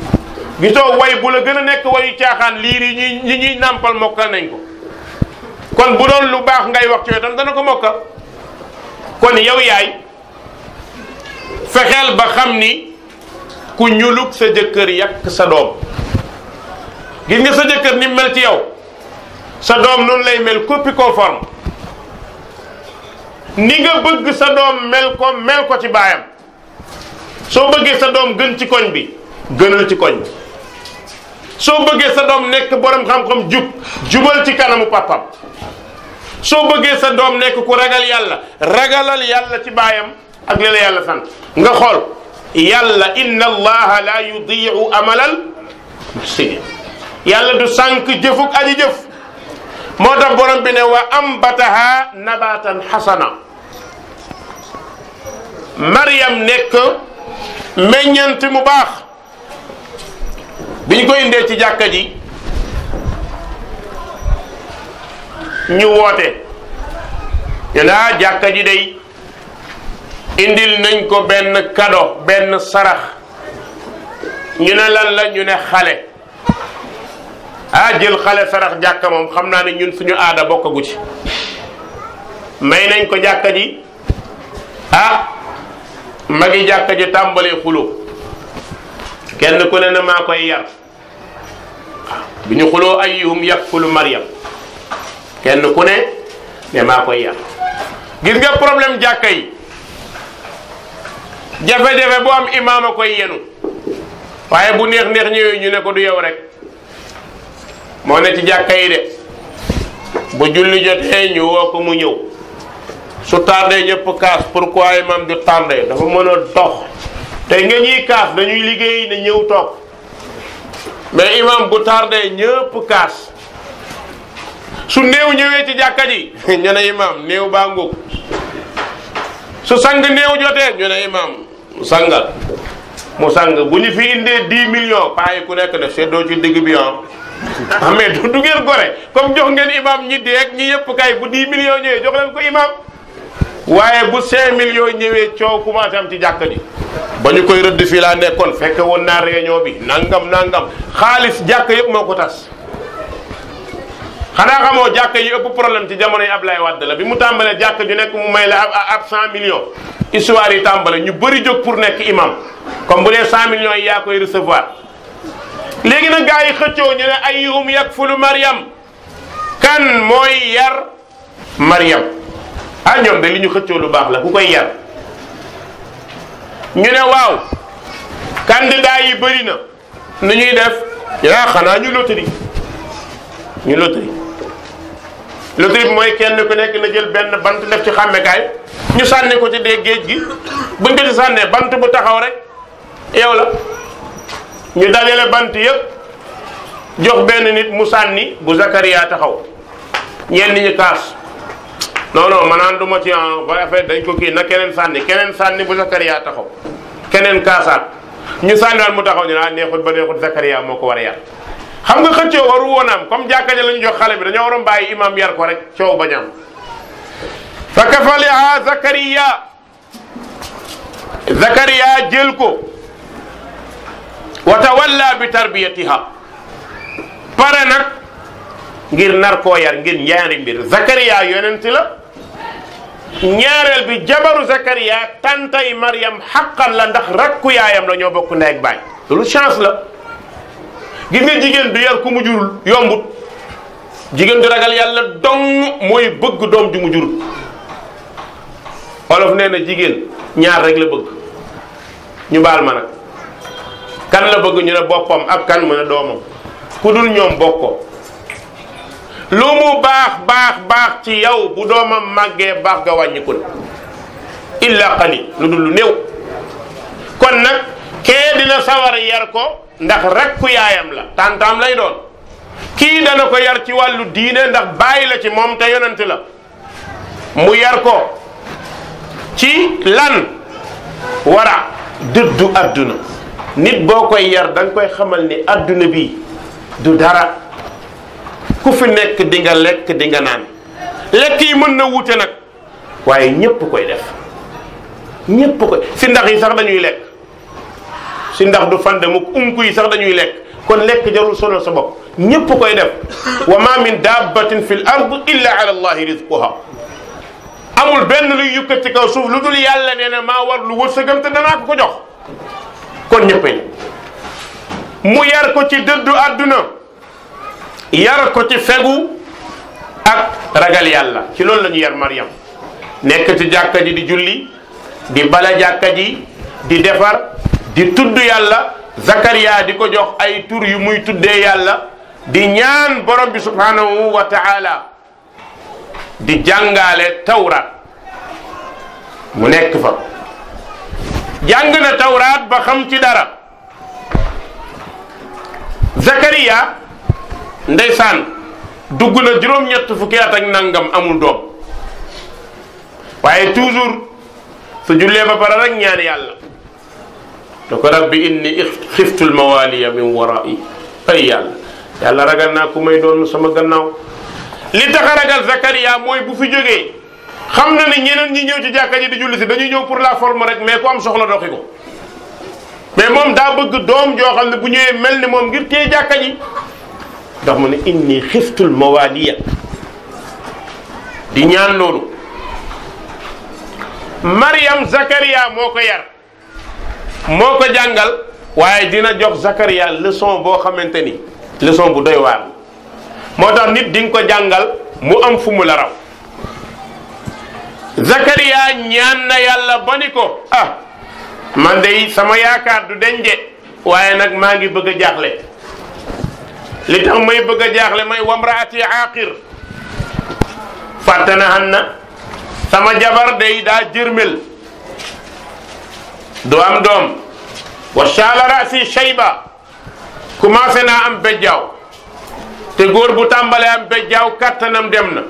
gisoo way bu la gën a nekk wayu caaxaan liir yi ñuy ñi ñuy nàmpal mokkal nañ ko kon bu doon lu baax ngay wax ci wetam dana ko mokkal kon yow yaay fexeel ba xam ni ku ñulug sa jëkkër yàq sa doom gis nga sa jëkkër ni mel ci yow sa doom noonu lay mel copie ni nga bëgg sa doom mel ko ko ci baayam soo bëggee sa doom gën ci koñ bi gënal ci koñ bi soo bëggee sa doom nekk borom xam-xam jub jubal ci kanamu pàppam soo bëggee sa doom nekk ku ragal yàlla ragalal yàlla ci baayam ak li yàlla sant nga xool yàlla inna allaha la yudiu amalal yàlla du sànq jëfuk aji jëf moo tax borom bi ne wa ambataha nabatan xasana Maryam nekk meññeent mu baax bi ñu ko indee ci jàkka ji ñu woote yàlla jàkka ji day indil nañ ko benn kado benn sarax ñu ne lan la ñu ne xale ah jël xale sarax jàkka moom xam naa ne ñun suñu aada bokkagu ci may nañ ko jàkka ji ah magi jàkka ji tàmbalee xuloo kenn ku ne na maa koy yar bi ñu xuloo ayyuhum yakfulu Maryam kenn ku ne ne maa koy yar gis nga problème jàkka yi jafe-jafe bu am imaam a koy yenu waaye bu neex neex ñëwee ñu ne ko du yow rek moo ne ci jàkka yi de bu julli jotee ñu woo mu ñëw su tardé ñëpp kaas pourquoi imam du tardé dafa mën a dox te nga ñuy kaas dañuy liggéey ne ñëw toog mais imam bu tardé ñëpp kaas su néew ñëwee ci jàkka ji ñu ne imam baa ngóog su sang néew jotee ñu ne sangal mu sang bu ñu fi indee 10 millions paa ku nekk def seddoo ci digg bi yoon ah, ah du ngeen gore comme jox ngeen imam ñi dee ñi yëpp kay bu 10 millions ñëwee jox leen ko imam waaye bu 5 million ñëwee coow commencé am ci jàkka ji ba ñu koy rëdd fii laa nekkoon fekk woon naa réunion bi nangam nangam xaalis jàkka yëpp moo ko tas. xanaa xamoo jàkka yi ëpp problème ci jamono yi Ablaye Wade la bi mu tàmbalee jàkka ju nekk mu may la ab ab 100 millions histoire yi tàmbale ñu bari jóg pour nekk imam comme bu dee 100 millions yi yaa koy recevoir léegi nag gars yi xëccoo ñu ne ayyuhum yakfulu Mariam kan mooy yar Mariam ah ñoom de li ñu xëccoo lu baax la ku koy yar ñu ne waaw candidat yi bëri na nu ñuy def yaa xanaa ñu loterie ñu loterie. loterie bi mooy kenn ku nekk na jël benn bant def ci xàmmekaay ñu sànni ko ci dee géej gi buñ ko ci sànnee bant bu taxaw rek yow la ñu dajale bant yëpp jox benn nit mu sànni bu Zakaria taxaw ñenn ñu kaas non non maanaam du ma ci ah, en affaire dañ ko kii na keneen sànni keneen sànni bu Zakaria taxaw keneen kaasaat ñu sànniwaat mu taxaw ñu naan ah, neexut ba neexut Zakaria moo ko war a yàq xam nga xëccoo waru woon am comme jàkka ja la ñu jox xale bi dañoo waroon bàyyi imam yar ko rek coow bañ am fa kafaliha zakariya zakariya jël ko wa tawalla bi tarbiyatiha pare nag ngir nar koo yar ngir ñaari mbir zakariya yonenti la ñaareel bi jabaru zakariya tantay mariam xaqan la ndax rakku yaayam la ñoo bokk ndey ak baay loolu chance la gis jigéen du yar ku mu jurul yombut jigéen du ragal yàlla dong mooy bëgg doom ju mu jurul olof nee na jigéen ñaar rek la bëgg ñu baal mana nag kan la bëgg ñu ne boppam ak kan mën a doomam ku dul ñoom bokkoo lu mu baax baax baax ci yow bu doomam màggee baax ga wàññiku na illa xali lu dul lu néew kon nag kee dina sawar yar ko ndax rakku yaayam la tàntam lay doon kii dana ko yar ci wàllu diine ndax bàyyi la ci moom te yonent la mu yar ko ci lan war a du adduna nit boo koy yar da koy xamal ni adduna bi du dara ku fi nekk di nga lekk di nga naan lekk yi mën na wute nag waaye ñépp koy def ñépp koy si ndax yi sax dañuy lekk si ndax du fande mukk unku yi sax dañuy lekk kon lekk jarul sonal sa bopp ñépp koy def wa ma min dabbatin fi l ard illa ala allahi amul benn luy yukkat ci kaw suuf lu dul yàlla nee na war lu wërsëgam te danaa ko ko jox kon ñëppay mu yar ko ci dëddu àdduna yar ko ci fegu ak ragal yàlla ci loolu la ñu yar Mariam nekk ci jàkka ji di julli di bala jàkka ji di defar di tudd yàlla Zakaria di ko jox ay tur yu muy tuddee yàlla di ñaan borom bi subhanahu wa ta'ala di jàngaale tawraat mu nekk fa jàng na tawraat ba xam ci dara Zakaria ndeysaan dugg na juróom-ñett fukki at ak nangam amul doom waaye toujours su jullee ba pare rek ñaan yàlla da ko rabbi inni xiftul mawaliya min warai ay yàlla yàlla ragal naa ku may doon sama gannaaw li tax a ragal Zakaria mooy bu fi jógee xam na ni ñeneen ñi ñëw ci jàkka ji di julli si dañuy ñëw pour la forme rek mais ku am soxna doxi ko mais moom daa bëgg doom joo xam ne bu ñëwee mel ni moom ngir téye jàkka ji ndax mu ne inni xiftul mawaliya di ñaan loolu Mariam Zakaria moo ko yar moo ko jàngal waaye dina jox Zakaria leçon boo xamante ni leçon bu doy waar moo tax nit di ko jàngal mu am fu mu la raw Zakaria ñaan na yàlla ba ni ko ah man de sama yaakaar du deñ waaye nag maa ngi bëgg a jaaxle li tax may bëgg a jaaxle may wamraati aaqir fàtte na xam na sama jabar day daa jërmel du am doom wa caala rasi shayba commencé naa am bejjaaw te góor bu tàmbalee am bejjaaw kattanam dem na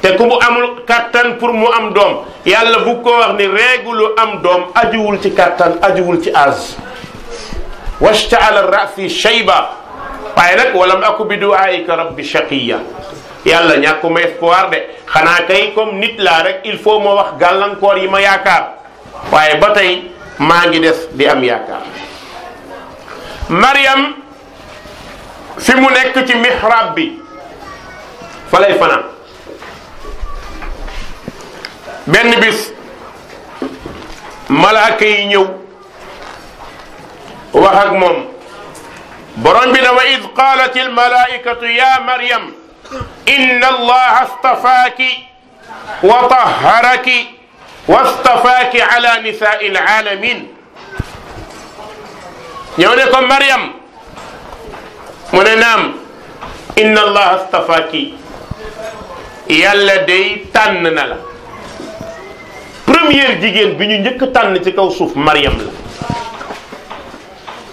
te ku mu amul kattan pour mu am doom yàlla bu ko wax ni réegulu am doom ajuwul ci kattan ajuwul ci âge wastaala rasi shayba waaye nag walam aku bi duaayika rabbi shaqiya yàlla ñàkkuma espoir de xanaa kay nit la rek il faut ma wax gàllankoor yi ma yaakaar waaye ba tey maa ngi des di am yaakaar Maryam fi mu nekk ci mihrab bi fa lay fanaan benn bis malaaka yi ñëw wax ak moom borom bi na wa id qaalat al malaikatu ya maryam inna allaha astafaaki wa taharaki wastafaaki ala nisaai alaalamin ñëw ne ko Mariam mu ne naam inna allaha stafaaki yàlla day tànn na la première jigéen bi ñu njëkk tànn ci kaw suuf Mariam la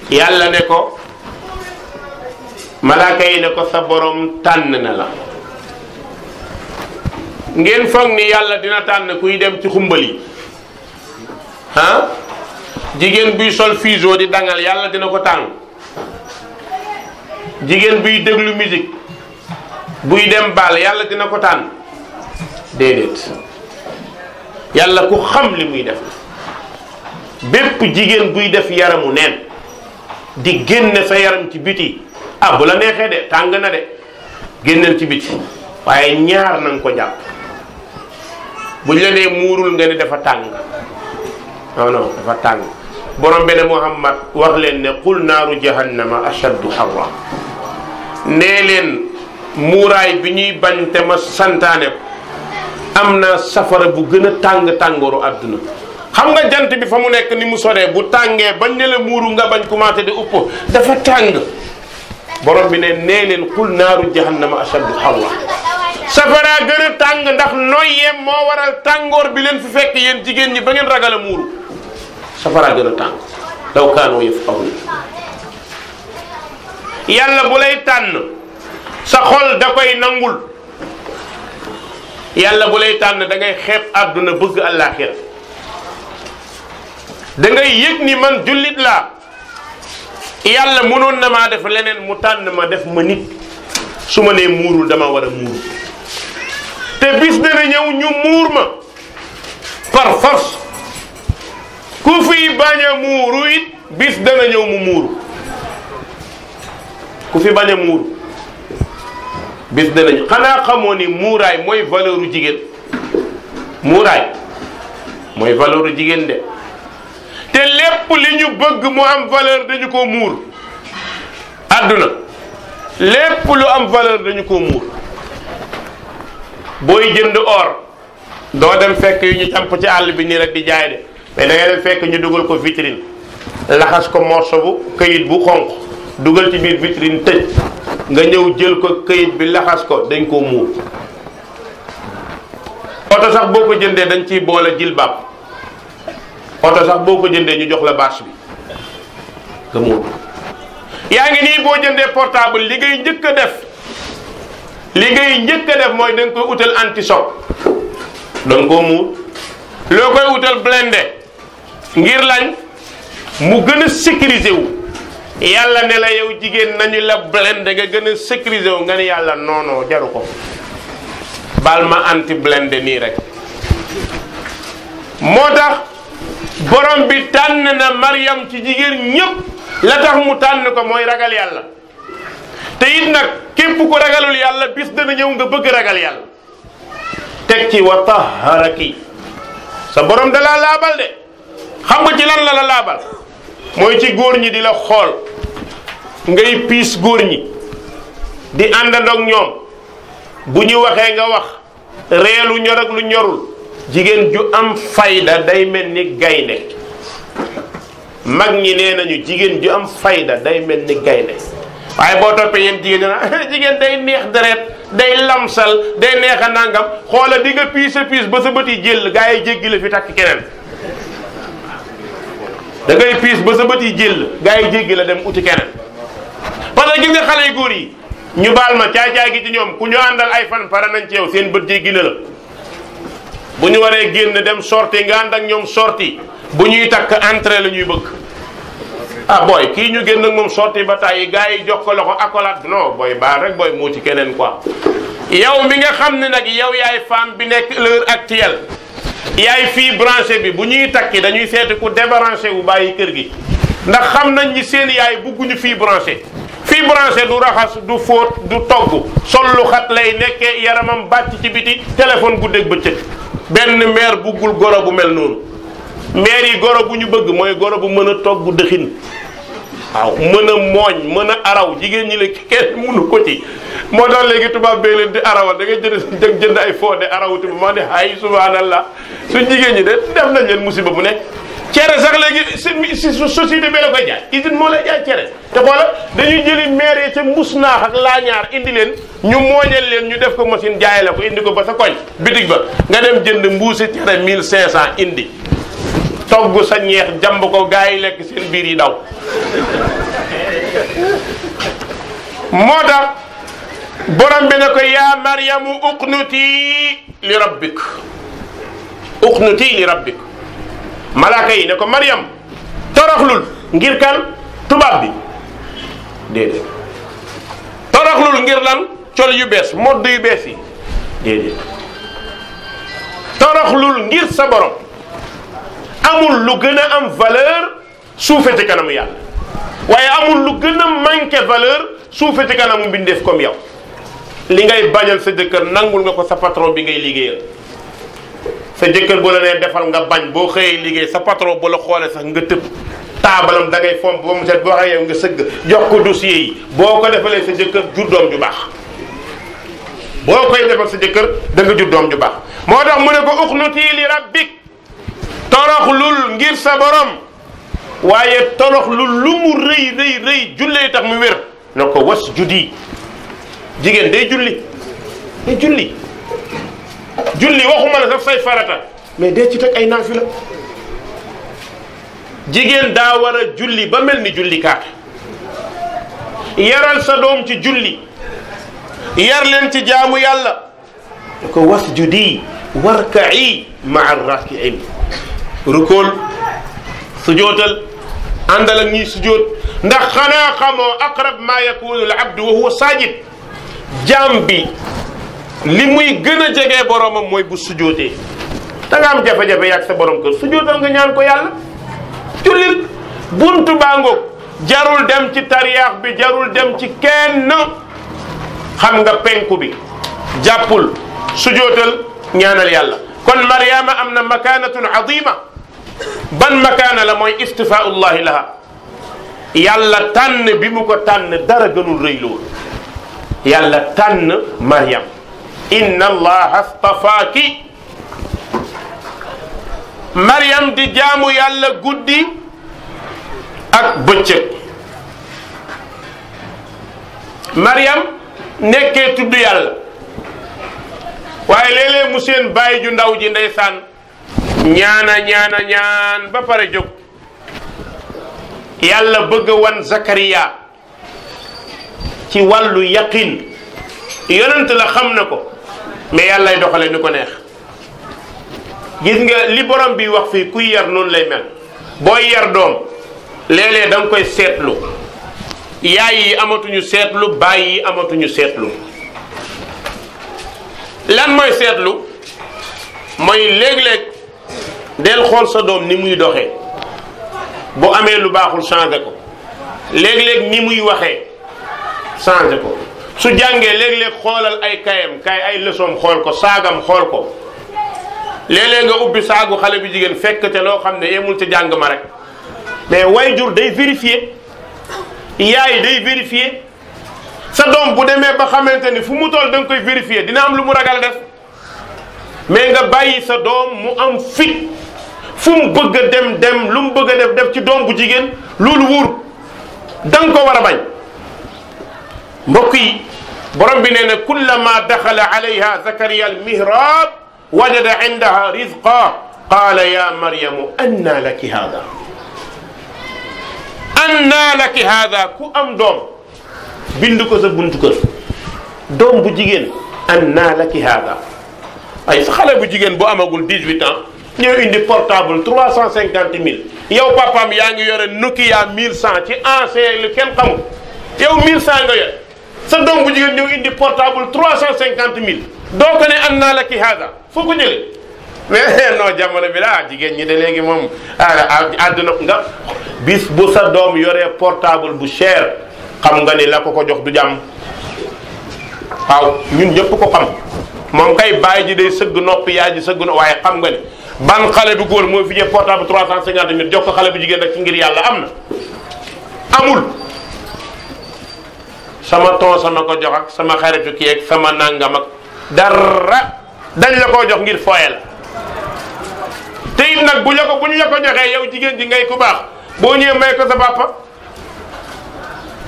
yàlla ne ko malaaka yi ne ko sa borom tànn na la ngeen foog ni yàlla dina tànn kuy dem ci xumbal yi ah jigéen buy sol fiso di dangal yàlla dina ko tànn jigéen buy déglu musique buy dem baal yàlla dina ko tànn déedéet yàlla ku xam li muy def bépp jigéen buy def yaramu neen di génne sa yaram ci biti ah bu la neexee de tàng na de génneel ci biti waaye ñaar na nga ko jàpp bu ñu la nee muurul nga ni dafa tàng non non dafa tàng borom bi ne Muhammad wax leen ne qul naaru jahannama ashaddu harra nee leen muuraay bi ñuy bañ te ma santaane am na safara bu gën a tàng tàngooru àdduna xam nga jant bi fa mu nekk ni mu soree bu tàngee bañ ne la muuru nga bañ commencé di upp dafa tàng borom bi ne nee leen qul naaru jahannama ashaddu harra safara gën a tàng ndax noyyeem moo waral tàngoor bi leen fi fekk yéen jigéen ñi ba ngeen ragal a muuru safara gën a tàng law kaanoo yëf xaw yàlla bu lay tànn sa xol da koy nangul yàlla bu lay tànn da xeeb àdduna bëgg àllaaxira da ngay yëg ni man jullit laa yàlla mënoon na maa def leneen mu tànn ma def ma nit su ma nee muurul dama war a muuru te bis dana ñëw ñu muur ma par force ku fi bañ a muuru it bis dana ñëw mu muur ku fi bañ a muuru bis dana ñëw xanaa xamoo ni muuraay mooy valeur jigéen muuraay mooy valeur u jigéen de te lépp li ñu bëgg mu am valeur dañu ko muur àdduna lépp lu am valeur dañu ko muur booy jënd or doo dem fekk yu ñu camp ci àll bi nii rek di jaay de mais da dem fekk ñu dugal ko vitrine laxas ko morso bu këyit bu xonq dugal ci biir vitrine tëj nga ñëw jël ko këyit bi laxas ko dañ koo muur oto sax boo ko jëndee dañ ciy boole jilbaab oto sax boo ko jëndee ñu jox la bâche bi nga muur yaa ngi nii boo jëndee portable li ngay jëkk a def li ngay njëkk def mooy da nga koy utal antichoc da nga koo muur loo koy utal blindé ngir lañ mu gën a sécuriser wu yàlla ne la yow jigéen nañu la blindé nga gën a sécuriser wu nga ne yàlla noonoo jaru ko bal ma anti blindé nii rek moo tax borom bi tànn na Mariam ci jigéen ñëpp la tax mu tànn ko mooy ragal yàlla. te it nag képp ku ragalul yàlla bis dana ñëw nga bëgg ragal yàlla teg ci wa taharaki sa borom da laabal de xam nga ci lan la la laabal mooy ci góor ñi di la xool ngay piis góor ñi di àndandoog ñoom bu ñu waxee nga wax ree lu ñor ak lu ñorul jigéen ju am fayda day mel ni gaynde mag ñi nee nañu jigéen ju am fayda day mel ni gaynde waaye boo toppee yéen jigéen ñi naan jigéen day neex deret day lamsal day neex a nangam xoola di nga piis a ba sa bët yi jël gaa yi jéggi la fi takk keneen da ngay ba sa bët yi jël gaa yi jéggi la dem uti keneen parce que gis nga xale yu góor yi ñu baal ma caay-caay gi ci ñoom ku ñu àndal ay fan pare nañ ci yow seen bët jéggi na la bu ñu waree génn dem sorti nga ànd ak ñoom sorti bu ñuy takk entrée la ñuy bëgg ah booy kii ñu génn ak moom sotti ba tàyyi gars yi jox ko loxo accolade non booy baal rek booy ci keneen ko yow mi nga xam ne nag yow yaay femme bi nekk l'heure actuelle yaay fii branché bi bu ñuy takki dañuy seeti ku débranché wu bàyyi kër gi ndax xam nañ ni seen yaay bugguñu fii branché. fii branché du raxas du fóot du togg sol lu xat lay nekkee yaramam bàcc ci biti téléphone guddeeg bëccëg benn mère buggul goro bu mel noonu. maire yi goro bu ñu bëgg mooy goro bu mën a togg dëxin waaw mën a mooñ mën a araw jigéen ñi la kenn mënu ko ci moo tax léegi tubaab bee leen di arawal da ngay jënd dem jënd ay foo de arawuti ba ma ne ay subhanallah suñ jigéen ñi de def nañ leen musiba bu nekk cere sax léegi si société bee la koy jaay usine moo lay jaay cere te xoola dañuy jëli mair yi ca mbus naax ak ñaar indi leen ñu mooñal leen ñu def ko machine jaay la ko indi ko ba sa koñ bitig ba nga dem jënd mbuusi cere 1500 indi togg sa ñeex jàmb ko gaa yi lekk seen biir yi daw moo tax borom bi ne ko yaa maryamu uqnuti li rabbik uqnuti li rabbik malaaka yi ne ko maryam toroxlul ngir kan tubaab bi déedéet toroxlul ngir lan col yu bees modd yu bees yi déedéet toroxlul ngir sa borom amul lu gën a am valeur suufete kanamu yàlla waaye amul lu gën a manqué valeur suuf suufete kanamu mbindeef comme yow li ngay bañal sa jëkkër nangul nga ko sa patron bi ngay liggéeyal sa jëkkër bu la nee defal nga bañ boo xëyee liggéey sa patron bu la xoolee sax nga tëb taabalam da ngay fomp mu set boo xëyee nga sëgg jox ko dossier yi boo ko defalee sa jëkkër jur doom ju baax boo koy defal sa jëkkër da nga jur doom ju baax moo tax mu ne ko uxnutii li rabbik toroxlul ngir sa borom waaye toroxlul lu mu rëy rëy rëy jullee tax mu wér na ko was judi jigéen day julli day julli julli waxuma la sax say farata mais dee ci teg ay naafila jigéen daa war a julli ba mel ni julli kaat yaral sa doom ci julli yar leen ci jaamu yàlla da ko was judi warka'i maa rakiin rukool sujootal àndal ak ñiy sujoot ndax xanaa xamoo aqrab ma yakunu al abdu wa huwa saajid jaam bi muy gën a jege boromam mooy bu sujootee da nga am jafe-jafe yàgg sa borom kër sujootal nga ñaan ko yàlla jullil buntu baangoog jarul dem ci tariyaax bi jarul dem ci kenn xam nga penku bi jàppul sujootal ñaanal yàlla kon Mariama am na makanatun azima ban makaana la mooy istifaullahi laha yàlla tànn bi mu ko tànn dara gënul rëy loolu yàlla tànn Maryam inna allaha stafaaki di jaamu yàlla guddi ak bëccëg Maryam nekkee tudd yàlla waaye léeg-léeg mu seen bàyyi ju ndaw ji ndeysaan ñaana ñaana ñaan ba pare jóg yàlla bëgg wan sakariya ci wàllu yaqin yonent la xam na ko mais yàllay doxale ni ko neex gis nga li borom bi wax fii kuy yar noonu lay mel booy yar doom léeg-léeg da koy seetlu yaay amatuñu seetlu bàyyi amatuñu seetlu lan mooy seetlu mooy léeg-léeg del xool sa doom ni muy doxee bu amee lu baaxul changé ko léeg-léeg ni muy waxee changé ko su jàngee léeg-léeg xoolal ay kayam kay ay leçon xool ko saagam xool ko léeg-léeg nga ubbi saagu xale bu jigéen fekk te loo xam ne yemul ca jàng ma rek mais waaye jur day vérifier yaay day vérifier sa doom bu demee ba xamante ni fu mu toll danga koy vérifier dina am lu mu ragal def mais nga bàyyi sa doom mu am fit fu mu bëgg a dem dem lu mu bëgg a def def ci doom bu jigéen loolu wóor da nga ko war a bañ mbokk yi borom bi nee na kullama daxala alayha zakariya almihrab wajada indaha rizqa qaala ya maryamu anna laki hada anna laki hada ku am doom bind ko sa buntu kër doom bu jigéen anna laki hada ay xale bu jigéen bu amagul 18 ans ñoo indi cinquante 350000 yow papaam yaa ngi yore Nokia 1100 ci ancien lu kenn xamul yow 1100 nga yore sa doom bu jigéen ñëw indi portable doo ko ne am naa la ki haada foo ko jëlee mais non jamono bi la jigéen ñi de léegi moom ah, ah, àdduna nga bis bu sa doom yoree portable bu cher xam nga ni la ko ko jox du jàmm waaw ñun ñëpp ko xam moom kay bàyyi ji day sëgg noppi yaay ji sëgg noppi waaye xam nga ni. ban xale bu góor mooy fi jël portable 350 mille jox ko xale bu jigéen rek ci ngir yàlla am na amul sama ton sama ko jox ak sama xaritu kii ak sama nangam ak dara dañ la koo jox ngir fooye la te nag bu la ko bu ñu ko joxee yow jigéen ji ngay ku baax boo ñëwee may ko sa papa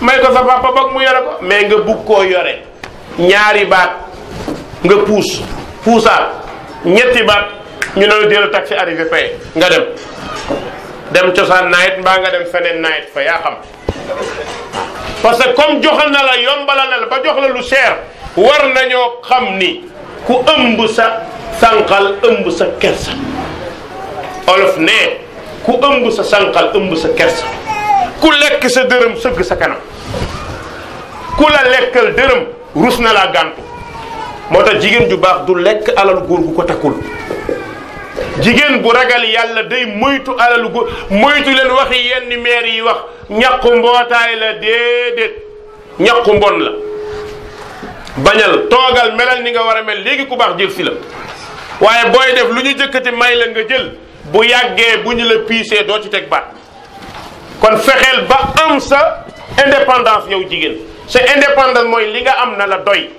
may ko sa papa boog mu yore ko mais nga bugg koo yore ñaari baat nga puus puusaat ñetti baat. ñu ne la jël taxi arrivé pay nga dem dem cosaan nawet mbaa nga dem feneen nawet fa yaa xam parce que comme joxal na la yombalal na la ba jox la lu cher war na ñoo xam ni ku ëmb sa sànqal ëmb sa kersa ku ëmb sa sànqal ëmb sa kersa ku lekk sa dërëm sëgg sa kanam ku la lekkal dërëm rus na laa gàntu moo tax jigéen ju baax du lekk alal góor gu ko takkul jigéen bu ragal yàlla day moytu alal gu moytu leen waxi yenn maire yi wax ñàkku mbootaay la déedéet ñàkku mbon la bañal toogal melal ni nga war a mel léegi ku baax jël si la waaye booy def lu ñu jëkkati may la nga jël bu yàggee bu ñu la piisee doo ci teg baat kon fexeel ba am sa indépendance yow jigéen sa indépendance mooy li nga am na la doy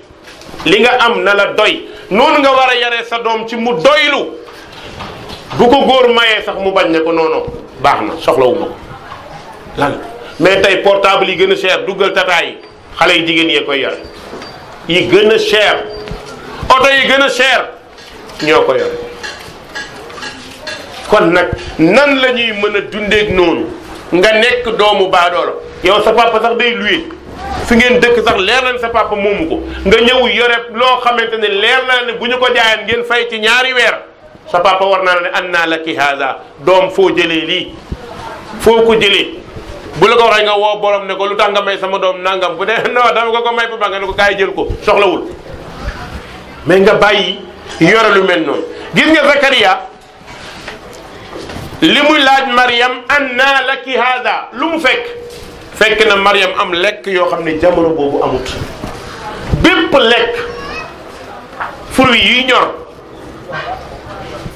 li nga am na la doy noonu nga war a yaree sa doom ci mu doylu bu ko góor mayee sax mu bañ ne ko noonu baax na soxlawu ma ko lan mais tey portable yi gën a cher duggal tata yi xale yi jigéen yee koy yore yi gën a cher oto yi gën a cher ñoo ko yore kon nag nan lañuy mën a dundeek noonu nga nekk doomu baadoola yow sa papa sax day luye fi ngeen dëkk sax leer na sa papa moomu ko nga ñëw yore loo xamante ne leer na ne bu ñu ko jaayeen ngeen fay ci ñaari weer. sa papa war naa la ne an naa la ki haza doom foo jëlee lii foo ko jëlee bu la ko waxee nga woo borom ne ko lu tax nga may sama doom nangam bu dee non dama ko ko may papa nga ne ko kaay jël ko soxlawul mais nga bàyyi yore lu mel noonu gis nga Zakaria li muy laaj Mariam an naa la ki haza lu mu fekk fekk na mariyam am lekk yoo xam ne jamono boobu amut bépp lekk fruit yi ñor.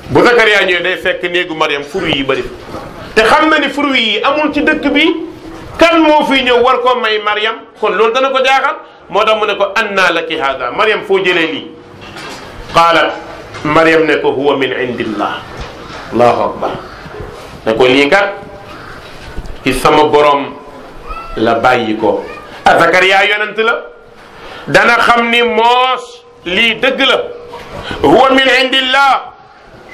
bu Zakariya ñëwee day fekk néegu Mariam fruits yi bëri te xam na ni fruits yi amul ci dëkk bi kan moo fi ñëw war ko may Mariam kon loolu dana ko jaaxal moo tax mu ne ko anna laki hada Mariam foo jëlee lii qaalat Mariam ne ko huwa min indillah allahu akbar ne ko lii kat ci sama borom la bàyyi ko a Zakariya yonent la dana xam ni moos lii dëgg la huwa min indillah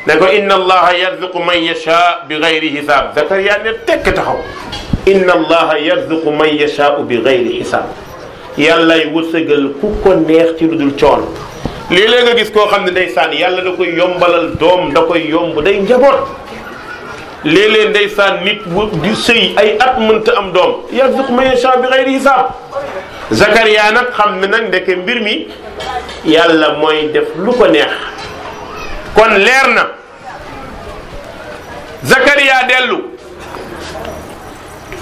ne ko inna allaha yarzuqu man yashaa bi gayri hisaab Zakariya ne tekk taxaw inna allaha yarzuqu man yashaa bi gayri hisaab yàllay wërsëgal ku ko neex ci lu dul coon léeg-léeg nga gis koo xam ne ndeysaan yàlla da koy yombalal doom da koy yomb day njaboot léeg-léeg ndeysaan nit bu di ay at mënta am doom yarzuqu man yashaa bi gayri hisaab Zakariya nag xam ne nag ndeke mbir mi yàlla mooy def lu ko neex kon leer na Zakariya dellu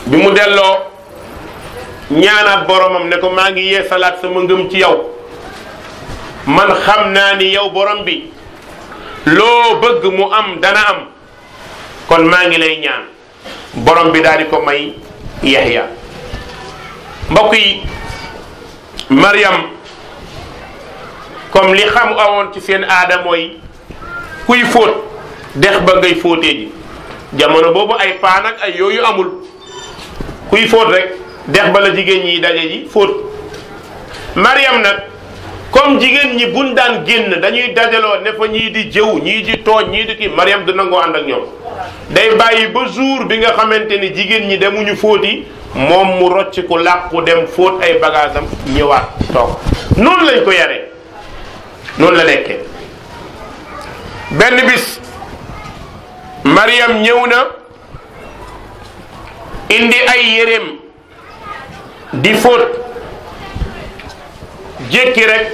bi mu delloo ñaanaat boroomam ne ko maa ngi salaat sama ngëm ci yow man xam naa ni yow borom bi loo bëgg mu am dana am kon maa ngi lay ñaan boroom bi daal di ko may Yaxya mbokk yi Maryam li xam awoon ci seen aada kuy fóot dex ba ngay fóotee ji jamono boobu ay paan ak ay yooyu amul kuy fóot rekk dex ba la jigéen ñi daje ji fóot Mariam nag comme jigéen ñi buñ daan génn dañuy dajaloo ne fa ñii di jëw ñii di tooñ ñii di kii Mariam du nangoo ànd ak ñoom day bàyyi ba jour bi nga xamante ne jigéen ñi demuñu fóoti moom mu rocc ku làqu dem fóot ay bagaasam ñëwaat toog noonu lañ ko yaree noonu la nekkee benn bis Mariam ñëw na indi ay yéreem di fóot jékki rek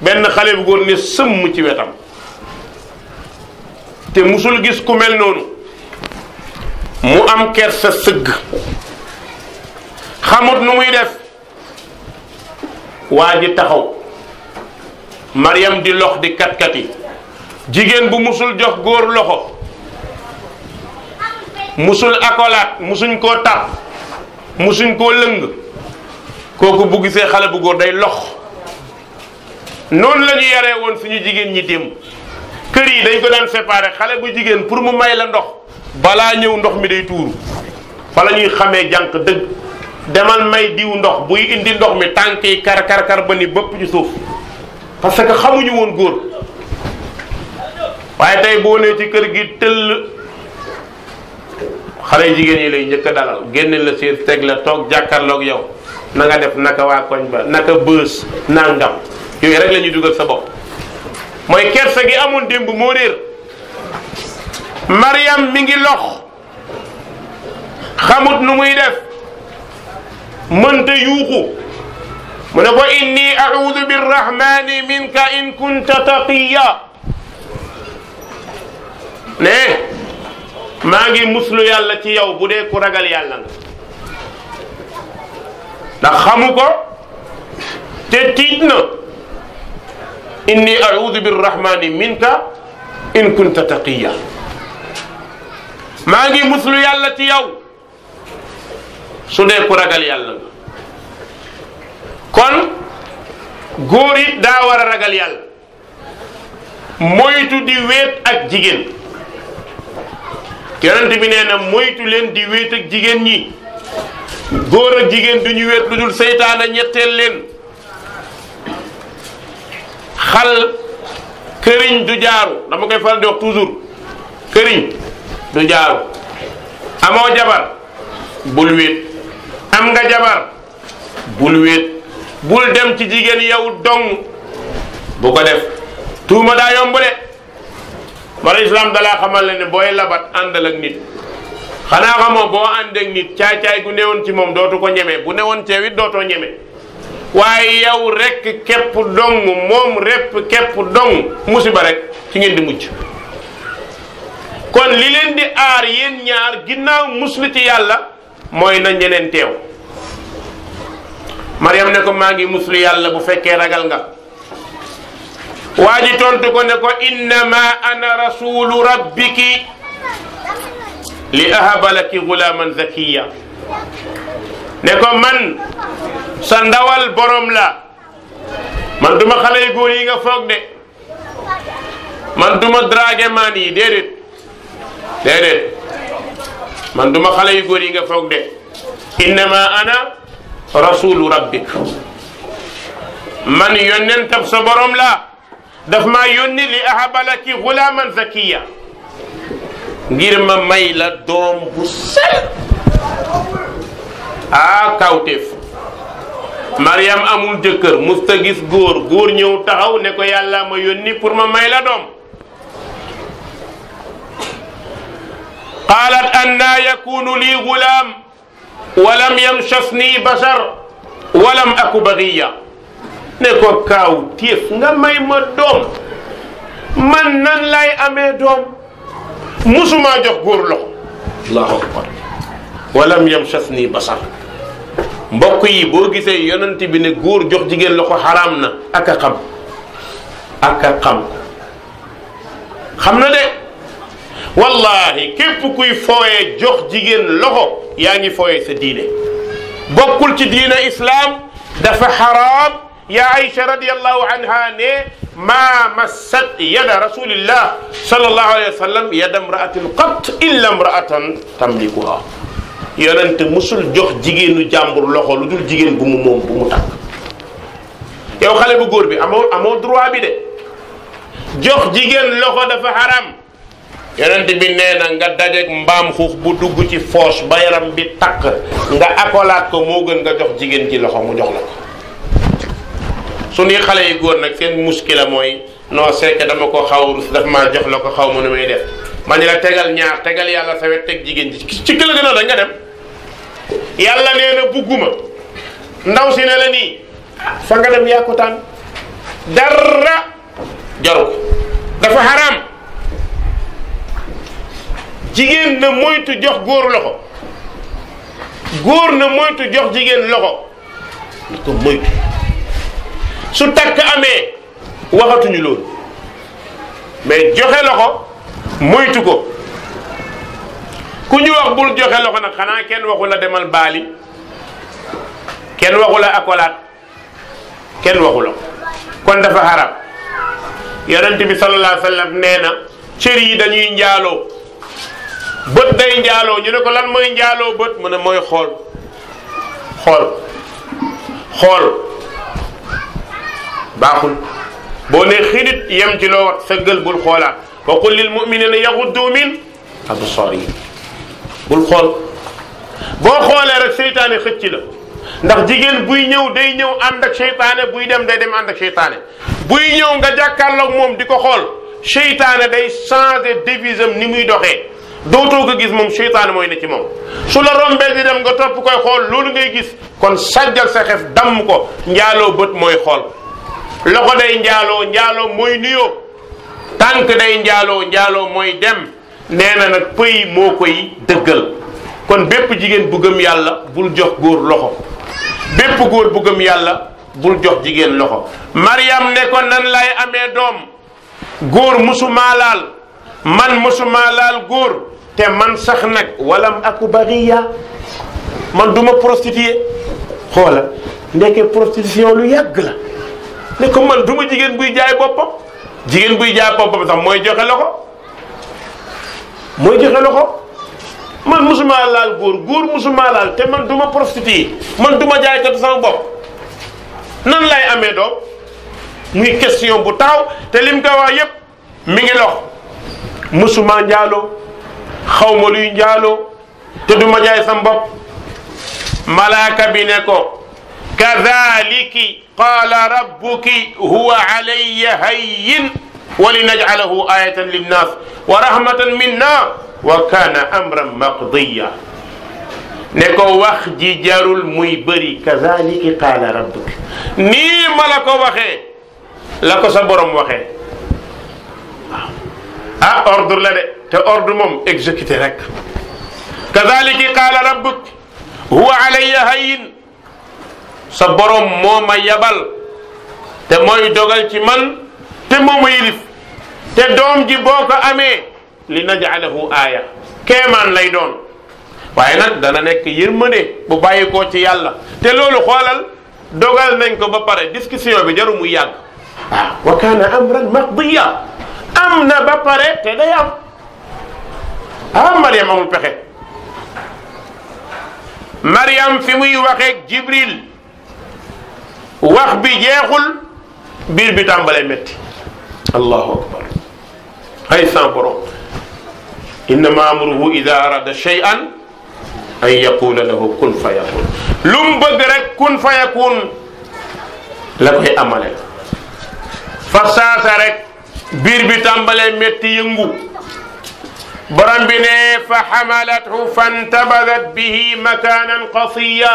benn xale bu ne sëmm ci wetam te musul gis ku mel noonu mu am kersa sëgg xamut nu muy def waa ji taxaw Mariam di lox di kat-kat jigéen bu musul jox góor loxo musul akolaat musuñ koo tàpp musuñ koo lëng kooku bu gisee xale bu góor day lox noonu la ñu woon suñu jigéen ñi démb kër yi dañ ko daan séparé xale bu jigéen pour mu may la ndox balaa ñëw ndox mi day tuuru fa la ñuy xamee jànq dëgg demal may diw ndox buy indi ndox mi tànk yi kar kar kar ba ni bëpp ci suuf parce xamuñu woon góor waaye tey boo nee ci kër gi tëll xale jigéen yi lay njëkk a dalal génne la seen teg toog jàkkaarloog yow na nga def naka waa koñ naka bës nangam yooyu rek la ñuy dugal sa bopp mooy kersa gi amoon démb moo Mariam mi ngi lox xamut nu muy def mënta yuuxu mu ne ko inni a'uudu birrahmani minka in kunta taqiya ne maa ngi muslu yàlla ci yow bu dee ku ragal yàlla nga ndax xamu ko te tiit na inni audu birrahmani minka in kunta taqiya maa ngi muslu yàlla ci yow su dee ku ragal yàlla nga kon góor daa war a ragal yàlla moytu di weet ak jigéen yonent bi nee na moytu leen di wéet ak jigéen ñi gor ak jigéen du ñu wéet lu dul seytaane ñetteel leen xal këriñ du jaaru dama koy faral toujours këriñ du jaaru amoo jabar bul wéet am nga jabar bul wéet bul dem ci jigéen yow dong bu ko def tuuma daa yomb de wala islam dalaa xamal la ne booy labat àndal ak nit xanaa xamoo boo ànd ak nit caay-caay gu newoon ci moom dootu ko ñeme bu newoon ceew it dootoo ñeme waaye yow rekk képp dong moom rep képp dong musiba rek ci ngeen di mujj kon li leen di aar yéen ñaar ginnaaw muslu ci yàlla mooy na ñeneen teew Mariam ne ko maa ngi muslu yàlla bu fekkee ragal nga waa ji tontu ko ne ko innama ana rasulu rabbiki li ahabalaki gulaaman zakiya ne ko man sa ndawal borom la man duma xale yu góor yi nga foog de man duma dragué maan yi man duma xale góor yi nga foog de innama ana rasulu rabbik man yonentab sa daf ma yónni li ahabalaki xulaaman zakiya ngir ma may la doom bu sell ah kawteef Mariam amul jëkkër musta gis góor góor taxaw ne ko yàlla ma yónni pour ma may la doom qaalat anna yakunu lii gulaam walam yamsasni bashar walam aku bagiya ne ko kaaw téef nga may ma doom man nan lay ame doom musuma jox góor loxo allahu mbokk yi boo gisee yonent bi góor jox jigéen loxo xaraam na ak a xam a xam xam na de wallahi képp kuy fooyee jox jigéen loxo yaa ngi fooyee sa diine bokkul ci diine islaam dafa xaraam ya Aïcha radiallahu anha ne ma massat yada rasulillah sallallahu alayhi wa sallam yada mraatin qat illa mraatan tamlikuha yonente musul jox jigéenu jàmbur loxo lu dul jigéen bu mu moom bu mu takk yow xale bu góor bi amoo amoo droit bi de jox jigéen loxo dafa haram yonent bi nee na nga dajeeg mbaam xuux bu dugg ci foos ba yaram bi takk nga akolaat ko moo gën nga jox jigéen ci loxo mu jox la ko su suñuy xale yu góor nag seen muskila mooy noo c'est que dama ko xaw rus daf maa jox la ko xaw ma nu may def ma ne la tegal ñaar tegal yàlla sa teg jigéen ci këla gën a da nga dem yàlla nee na bugguma ndaw si ne la nii fa nga dem yàkkutaan dara jaru ko dafa xaraam jigéen na moytu jox góor loxo góor na moytu jox jigéen loxo na ko moytu su takk amee waxatuñu loolu mais joxe loxo moytu ko ku ñu wax bul joxe loxo nag xanaa kenn waxu la demal baali kenn waxu la akolaat kenn waxu la kon dafa xaram yonent bi sallallahu alayhi wa nee na cër yi dañuy njaaloo bët day njaaloo ñu ne ko lan mooy njaaloo bët mu ne mooy xool xool xool baaxul boo ne xirit yem ci loo wax sëggal bul xoolaat wa qul lil muminina yaxuddu min absaarihim bul xool boo xoolee rek seytaane xëcc la
ndax jigéen
buy ñëw day ñëw ànd ak seytaane buy dem day dem ànd buy ñëw nga jàkkaarloog moom di ko xool seytaane day changé devise am ni muy doxee dootoo ko gis moom seytaane mooy ne ci moom su la rombee di dem nga topp koy xool loolu ngay gis kon sajjal sa xef damm ko njaaloo bët mooy xool loxo day njaaloo njaaloo mooy nuyoo tànk day njaaloo njaaloo mooy dem nee na nag pëy moo koy dëggal kon bépp jigéen bu gëm yàlla bul jox góor loxo bépp góor bu gëm yàlla bul jox jigéen loxo Mariam ne ko nan lay amee doom góor mësumaa laal man mësumaa laal góor te man sax nag walam aku bariya man duma prostituée xoola ndekkee prostitution lu yàgg la ne ko man duma jigéen buy jaay boppam jigéen buy jaay boppam sax mooy joxe loxo mooy joxe loxo man musuma laal góor góor musuma laal te man duma ma man du ma jaay kat sama bopp nan lay amee doo muy question bu taaw te lim ko wax yépp mi ngi lox musuma njaaloo xaw ma luy njaaloo te du ma jaay sama bopp malaaka bi ne ko kadhaliki qaala rabbuki huwa alayya hayyin wa linajcalahu aayatan linnaas wa rahmatan minna wa kaana amran maqdiya ne ko wax ji jarul muy bëri kazaliki qaala rabbuki nii ma la ko waxee la ko sa borom waxee waaw ah, ah ordre la de te ordre moom exécuté rek kazaliki qaala rabbuki huwa alayya hayyin sa borom moo yabal te mooy dogal ci man te moo yilif te doom ji boo ko amee li naj'alahu aaya keemaan lay doon waaye nag dana nekk yërmande bu bàyyi koo ci yàlla te loolu xoolal dogal nañ ko ba pare discussion bi jaru muy yàgg ah, wa kaana amran maqdiya am na ba te day am ah Mariam amul pexe Mariam fi muy waxeeg Jibril wax bi jeexul biir bi tàmbalee métti allahu akbar ay san borom innama amruhu ida arada shay'an an yaqula lahu kun fa yakun lu mu bëgg rek kun fa yakun la koy amale fa saasa rek biir bi tàmbalee métti yëngu borom bi ne fa xamalathu fantabadat bihi makanan qasiya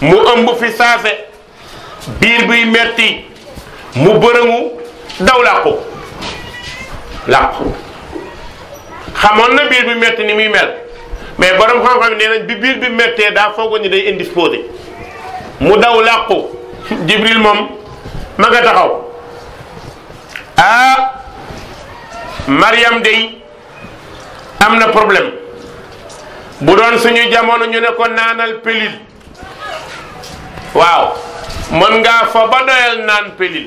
mu ëmb fi saase biir buy metti mu bërëngu daw làqu làqu xamoon na biir bi metti ni muy mel mais borom xam-xam nee bi biir bi mettee daa foogoon ni day indisposé mu daw làqu jibril moom ma nga taxaw ah mariam day am na problème bu doon suñu jamono ñu ne ko naanal pilule waaw mën ngaa fa ba doyal naan pilil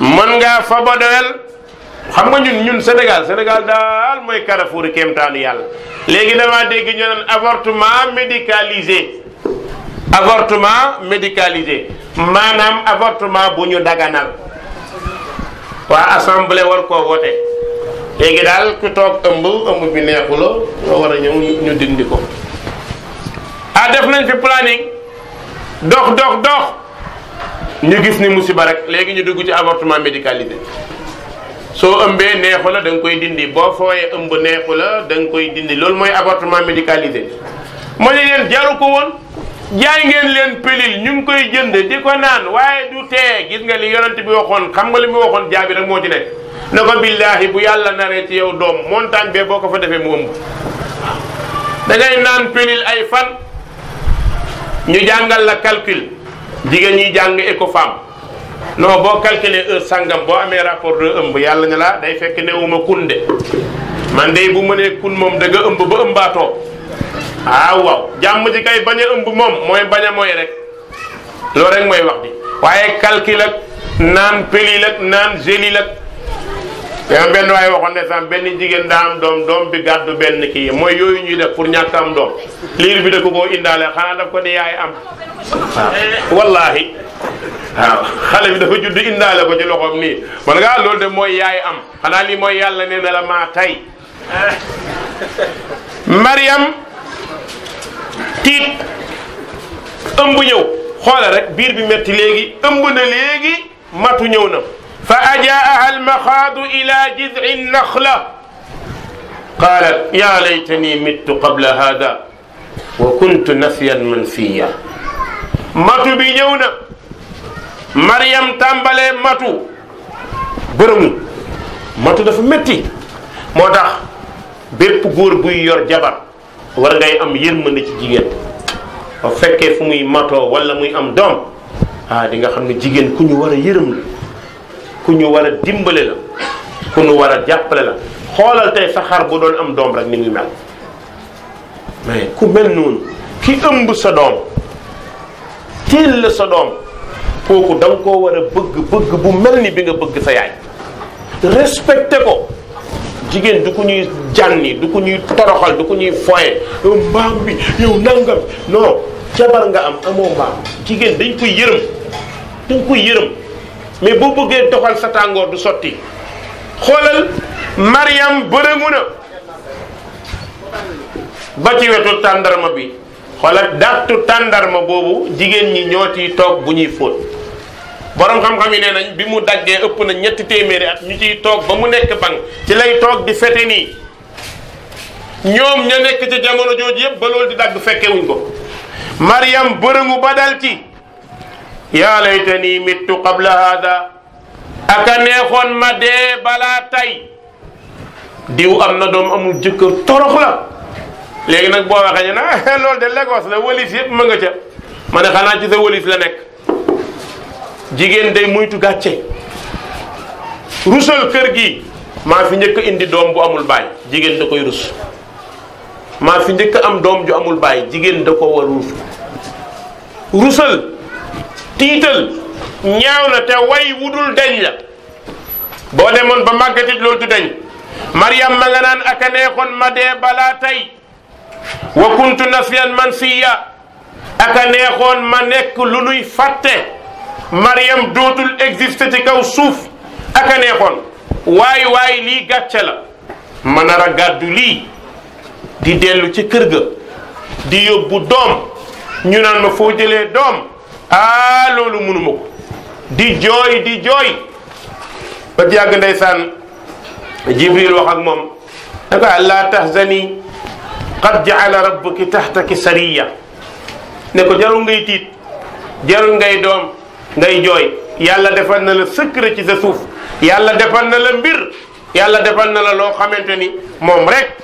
mën nga fa ba doyal xam nga ñun ñun Sénégal Sénégal daal mooy Carrefour kéemtaanu yàlla léegi damaa dégg ñu naan avortement médicalisé avortement médicalisé maanaam avortement bu ñu daganal waa assemblée war koo woote léegi daal ku toog ëmb ëmb bi neexu la war a ñëw ñu dindi ko. ah def nañ fi planning dox dox dox ñu gis ni musiba rek léegi ñu dugg ci avortement médicalisé soo ëmbee neexu la da koy dindi boo fooyee ëmb neexu la da nga koy dindi loolu mooy avortement médicalisé moo ne leen jaru ko woon jaay ngeen leen pilule ñu ngi koy jënd di ko naan waaye du tee gis nga li yonent bi waxoon xam nga li mu waxoon jaabi rek moo ci nekk na ko billaahi bu yàlla naree ci yow doom montagne bee boo ko fa defee mu ëmb da naan ñu jàngal la calcul jigéen ñi jàng Ecofam non boo calculer heure sangam boo amee rapport ëmb yàlla ne laa day fekk newuma kun de man de bu ma nee kun moom da ëmb ba ëmbaatoo ah waaw jàmm ji kay bañ a ëmb moom mooy bañ a mooy rek loolu rek mooy wax di waaye calcul ak naan pilule ak naan gelule yaa benn waaye waxoon ne sax benn jigéen daa am doom doom bi gàddu benn kii mooy yooyu ñuy def pour ñàkk am doom liir bi da ko koo indaale xanaa daf ko ne yaay am waaw waaw xale bi dafa judd indaale ko ci loxoom nii man nga loolu de mooy yaay am xanaa lii mooy yàlla nee na la maa tay Mariam tiit ëmb ñëw xoola rek biir bi metti léegi ëmb na léegi matu ñëw na fa ajaaha almaxaadu ila jidci naxla qaalat yaa laytani mittu qabla haada wa kuntu nasiyan mansiya matu bi ñëw na Mariam tàmbalee matu bërëmu matu dafa métti moo tax bépp góor buy yor jabar war ngay am yërmande ci jigéen ba fekkee fu muy matoo wala muy am doom ah di nga xam ne jigéen ku ñu war a yërëm la ku ñu war a dimbale la ku ñu war a jàppale la xoolal tey sa xar bu doon am doom rek ni muy mel mais ku mel noonu ki ëmb sa doom tiil la sa doom kooku da nga koo war a bëgg bëgg bu mel ni bi nga bëgg sa yaay respecté ko jigéen du ko ñuy jànni du ko ñuy toroxal du ko ñuy foye mbaam bi yow nangam non jabar nga am amoo mbaam jigéen dañ koy yërëm dañ koy yërëm mais boo bëggee doxal sa tàngoor du sotti xoolal mariyam bërëmu na ba ci wetu tàndarma bi xoolal dattu tàndarma boobu jigéen ñi ñoo ciy toog bu ñuy fóot borom xam-xam yi nee nañ bi mu daggee ëpp na ñetti téeméeri at ñu ciy toog ba mu nekk bang ci lay toog di fete nii ñoom ña nekk ci jamono jooju yëpp ba loolu di dagg fekkewuñ ko mariyam bërëmu ba dal ci. yaa laytani mittu qabla hada aka neexoon ma dee balaa tay diw am na doom amul jëkkër torox la léegi nag boo waxee ñu ne loolu de Lagos la walis yëpp ma nga ca ma ne xanaa ci sa walis la nekk jigéen day muytu gàcce rusal kër gi maa fi njëkk indi doom bu amul baay jigéen da koy rus maa njëkk am doom ju amul baay jigéen da rus rusal tiital ñaaw na te way wudul dañ la boo demoon ba màggatit loolu du dañ Mariam ma nga naan ak a neexoon ma dee balaa tey wa kuntu nasiyan mansiya ak a neexoon ma nekk lu nuy fàtte Mariam dootul exister ci kaw suuf ak neexoon waay waay lii gàcce la ma nar a gàddu lii di dellu ci kër ga di yóbbu doom ñu naan ma foo jëlee doom ah loolu mënuma ko di jooy di jooy ba yàgg ndeysaan jibril wax ak moom da ko laa tahzani qad jaala rabbuki taxtaki sariya ne ko jarul ngay tiit jarul ngay doom ngay jooy yàlla defal na la secret ci sa suuf yàlla defal na la mbir yàlla defal na la loo xamante ni moom rek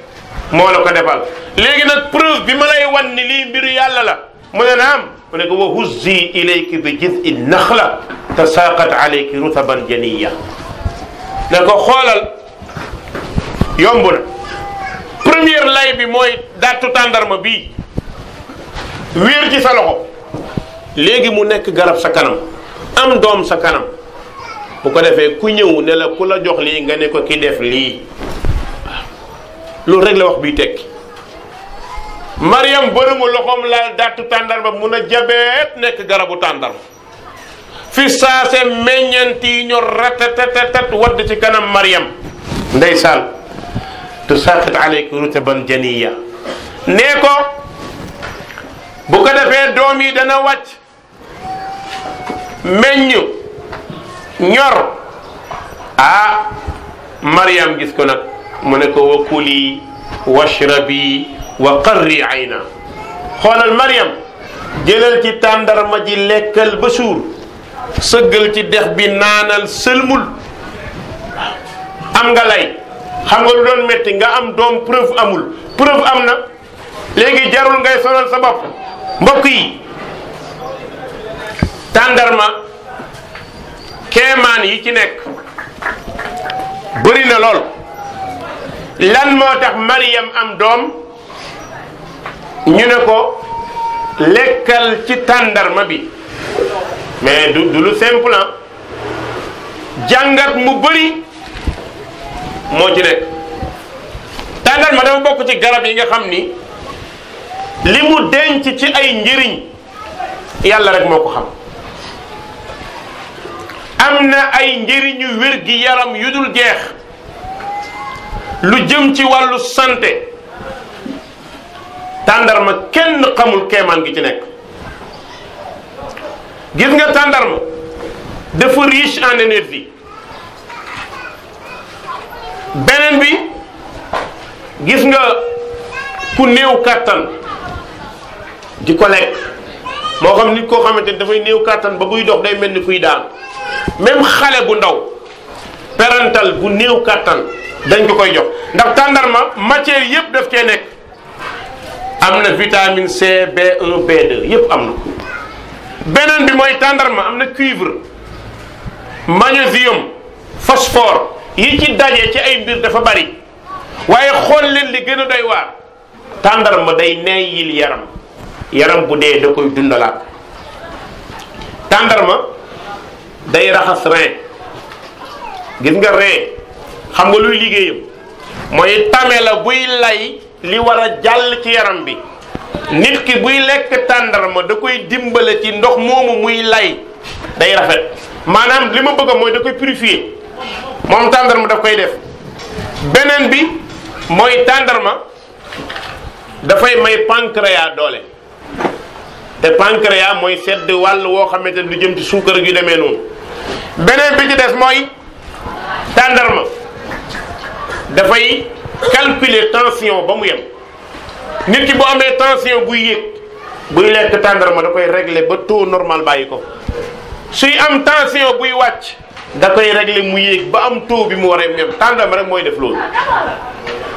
moo la ko defal léegi nag preuve bi ma lay wan ni lii mbiru yàlla la mu ne naam mu ne ko wa huzzi ilayki bi jiz'i naxla tasaaqat alayki rutaban janiya ne ko xoolal yomb na première lay bi mooy dattu tàndarma bii wéer ci sa loxo léegi mu nekk garab sa kanam am doom sa kanam bu ko defee ku ñëw ne la ku la jox lii nga ne ko ki def lii waaw loolu rek la wax bii tekki Mariam bërëmu loxoom laal dàttu tàndarma mun a jabeet nekk garabu tàndarma fi saase meññeent yi ñu ratatatat wadd ci kanam Mariam ndeysaan tu saqit aleyka rutaban janiya nee ko bu ko defee doom yi dana wàcc meññ ñor ah Mariam gis ko na mu ne ko wa kuli washrabi wa qarri ayna xoolal Mariam jëlal ci tàndarma ji lekkal ba suur sëggal ci dex bi naanal sëlmul am nga lay xam nga lu doon métti nga am doom preuve amul preuve am na léegi jarul ngay sonal sa bopp mbokk yi tàndarma kemaan yi ci nekk bëri na lool lan moo tax Mariam am doom ñu ne ko lekkal ci tàndarma bi mais du du lu simple ah. jàngat mu bari moo ci nekk tàndarma dafa bokk ci garab yi nga xam ni li mu denc ci ay njëriñ yàlla rek moo ko xam am na ay njëriñu wér gi yaram yu dul jeex lu jëm ci wàllu santé tàndarma kenn xamul keemaan gi ci nekk gis nga tàndarma dafa riche en énergie beneen bi gis nga ku néew kàttan di ko lekk moo xam nit koo xamante ni dafay néew kàttan ba buy dox day mel ni kuy daan même xale bu ndaw parental bu néew kàttan dañ ko koy jox ndax tàndarma matière yépp daf cee nekk am na vitamine C B1 B2 yépp am na beneen bi mooy tàndarma am na cuivre magnésium phosphore yi ci daje ci ay mbir dafa bari waaye xool leen li gën a doy waar tàndarma day neeyil yaram yaram bu dee da koy dundalaat tàndarma day raxas rein gis nga rein xam nga luy liggéeyam mooy tame buy lay li war a jàll ci yaram bi nit ki buy lekk tàndarma da koy dimbale ci ndox moomu muy lay day rafet maanaam li ma bëgg mooy da koy purifier moom tàndarma daf koy def beneen bi mooy tàndarma dafay may pancréas doole te pancréas mooy sedd wàll woo xamante ne du jëm ci suukar gi demee noonu beneen bi ci des mooy tàndarma dafay calculer tension ba mu yem nit ki boo amee tension buy yéeg buy lekk tàndarma da koy régler ba taux normal bàyyi ko suy am tension buy wàcc da koy régler mu yéeg ba am taux bi mu waree mu yem tàndarma rek mooy def loolu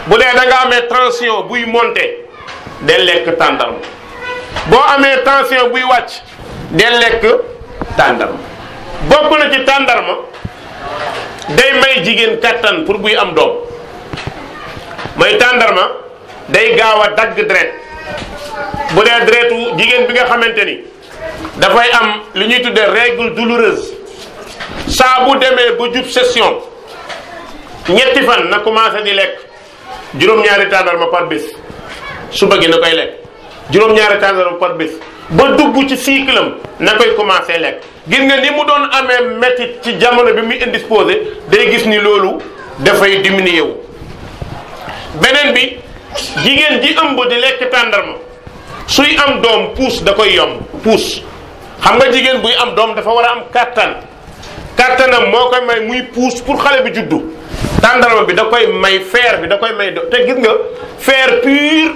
bu dee da amee tension buy monter del lekk tàndarma boo amee tension buy wàcc del lekk tàndarma na ci tàndarma day may jigéen kattan pour buy am doom mooy tàndarma day gaaw a dagg dret bu dee deretu jigéen bi nga xamante ni dafay am lu ñuy tuddee règle douloureuse saa bu demee ba jub session ñetti fan na commencé di lekk juróom-ñaari tàndarma par bés suba gi na koy lekk juróom-ñaari tàndarma par bés ba dugg ci cycle am na koy commencé lekk gis nga ni mu doon amee métit ci jamono bi muy indisposé day gis ni loolu dafay diminuer wu beneen bi jigéen ji ëmb di lekk tàndarma suy am doom puus da koy yomb puus xam nga jigéen buy am doom dafa war a am kàttan kàttanam moo koy may muy puus pour xale bi juddu tàndarma bi da koy may feer bi da koy may te gis nga fer pur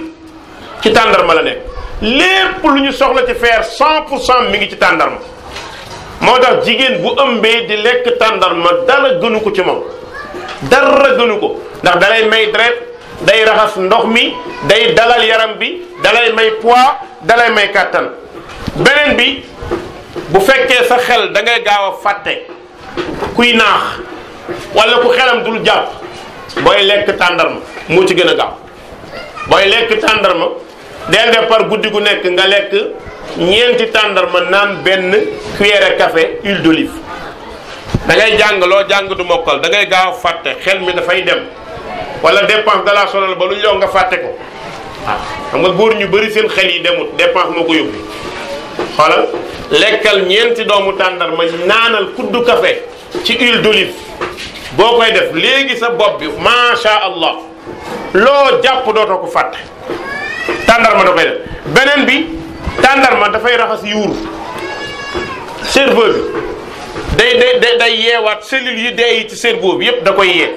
ci tàndarma la nekk lépp lu ñu soxla ci fer 100 pour cent mi ngi ci tàndarma moo tax jigéen bu ëmbee di lekk tàndarma dara gënu ko ci moom dara gënu ko ndax dalay may deret day raxas ndox mi day dalal yaram bi dalay may poids dalay may kàttan beneen bi bu fekkee sa xel dangay gaaw a fàtte kuy naax wala ku xelam dul jàpp booy lekk tàndarma moo ci gën a gaaw booy lekk tàndarma dende par guddi gu nekk nga lekk ñeenti tàndarma naan benn cuillère kafe huile d'olive da ngay jàng loo jàng du mokkal da ngay gaaw fàtte xel mi dafay dem wala dépense dalaa sonal ba lu ñu la nga fàtte ko waaw ah, xam nga góor ñu bari seen xel yi demut dépense moo ko yóbbu xoolal lekkal ñeenti doomu tàndarma naanal kuddu kafe ci huile d'olive boo koy def léegi sa bopp bi macha allah loo jàpp dootoo ko fàtt tàndarma da koy def beneen bi tàndarma dafay raxas yuur cerveau bi day day day yeewaat cellules yi dee yi ci cerveau bi yépp da koy yee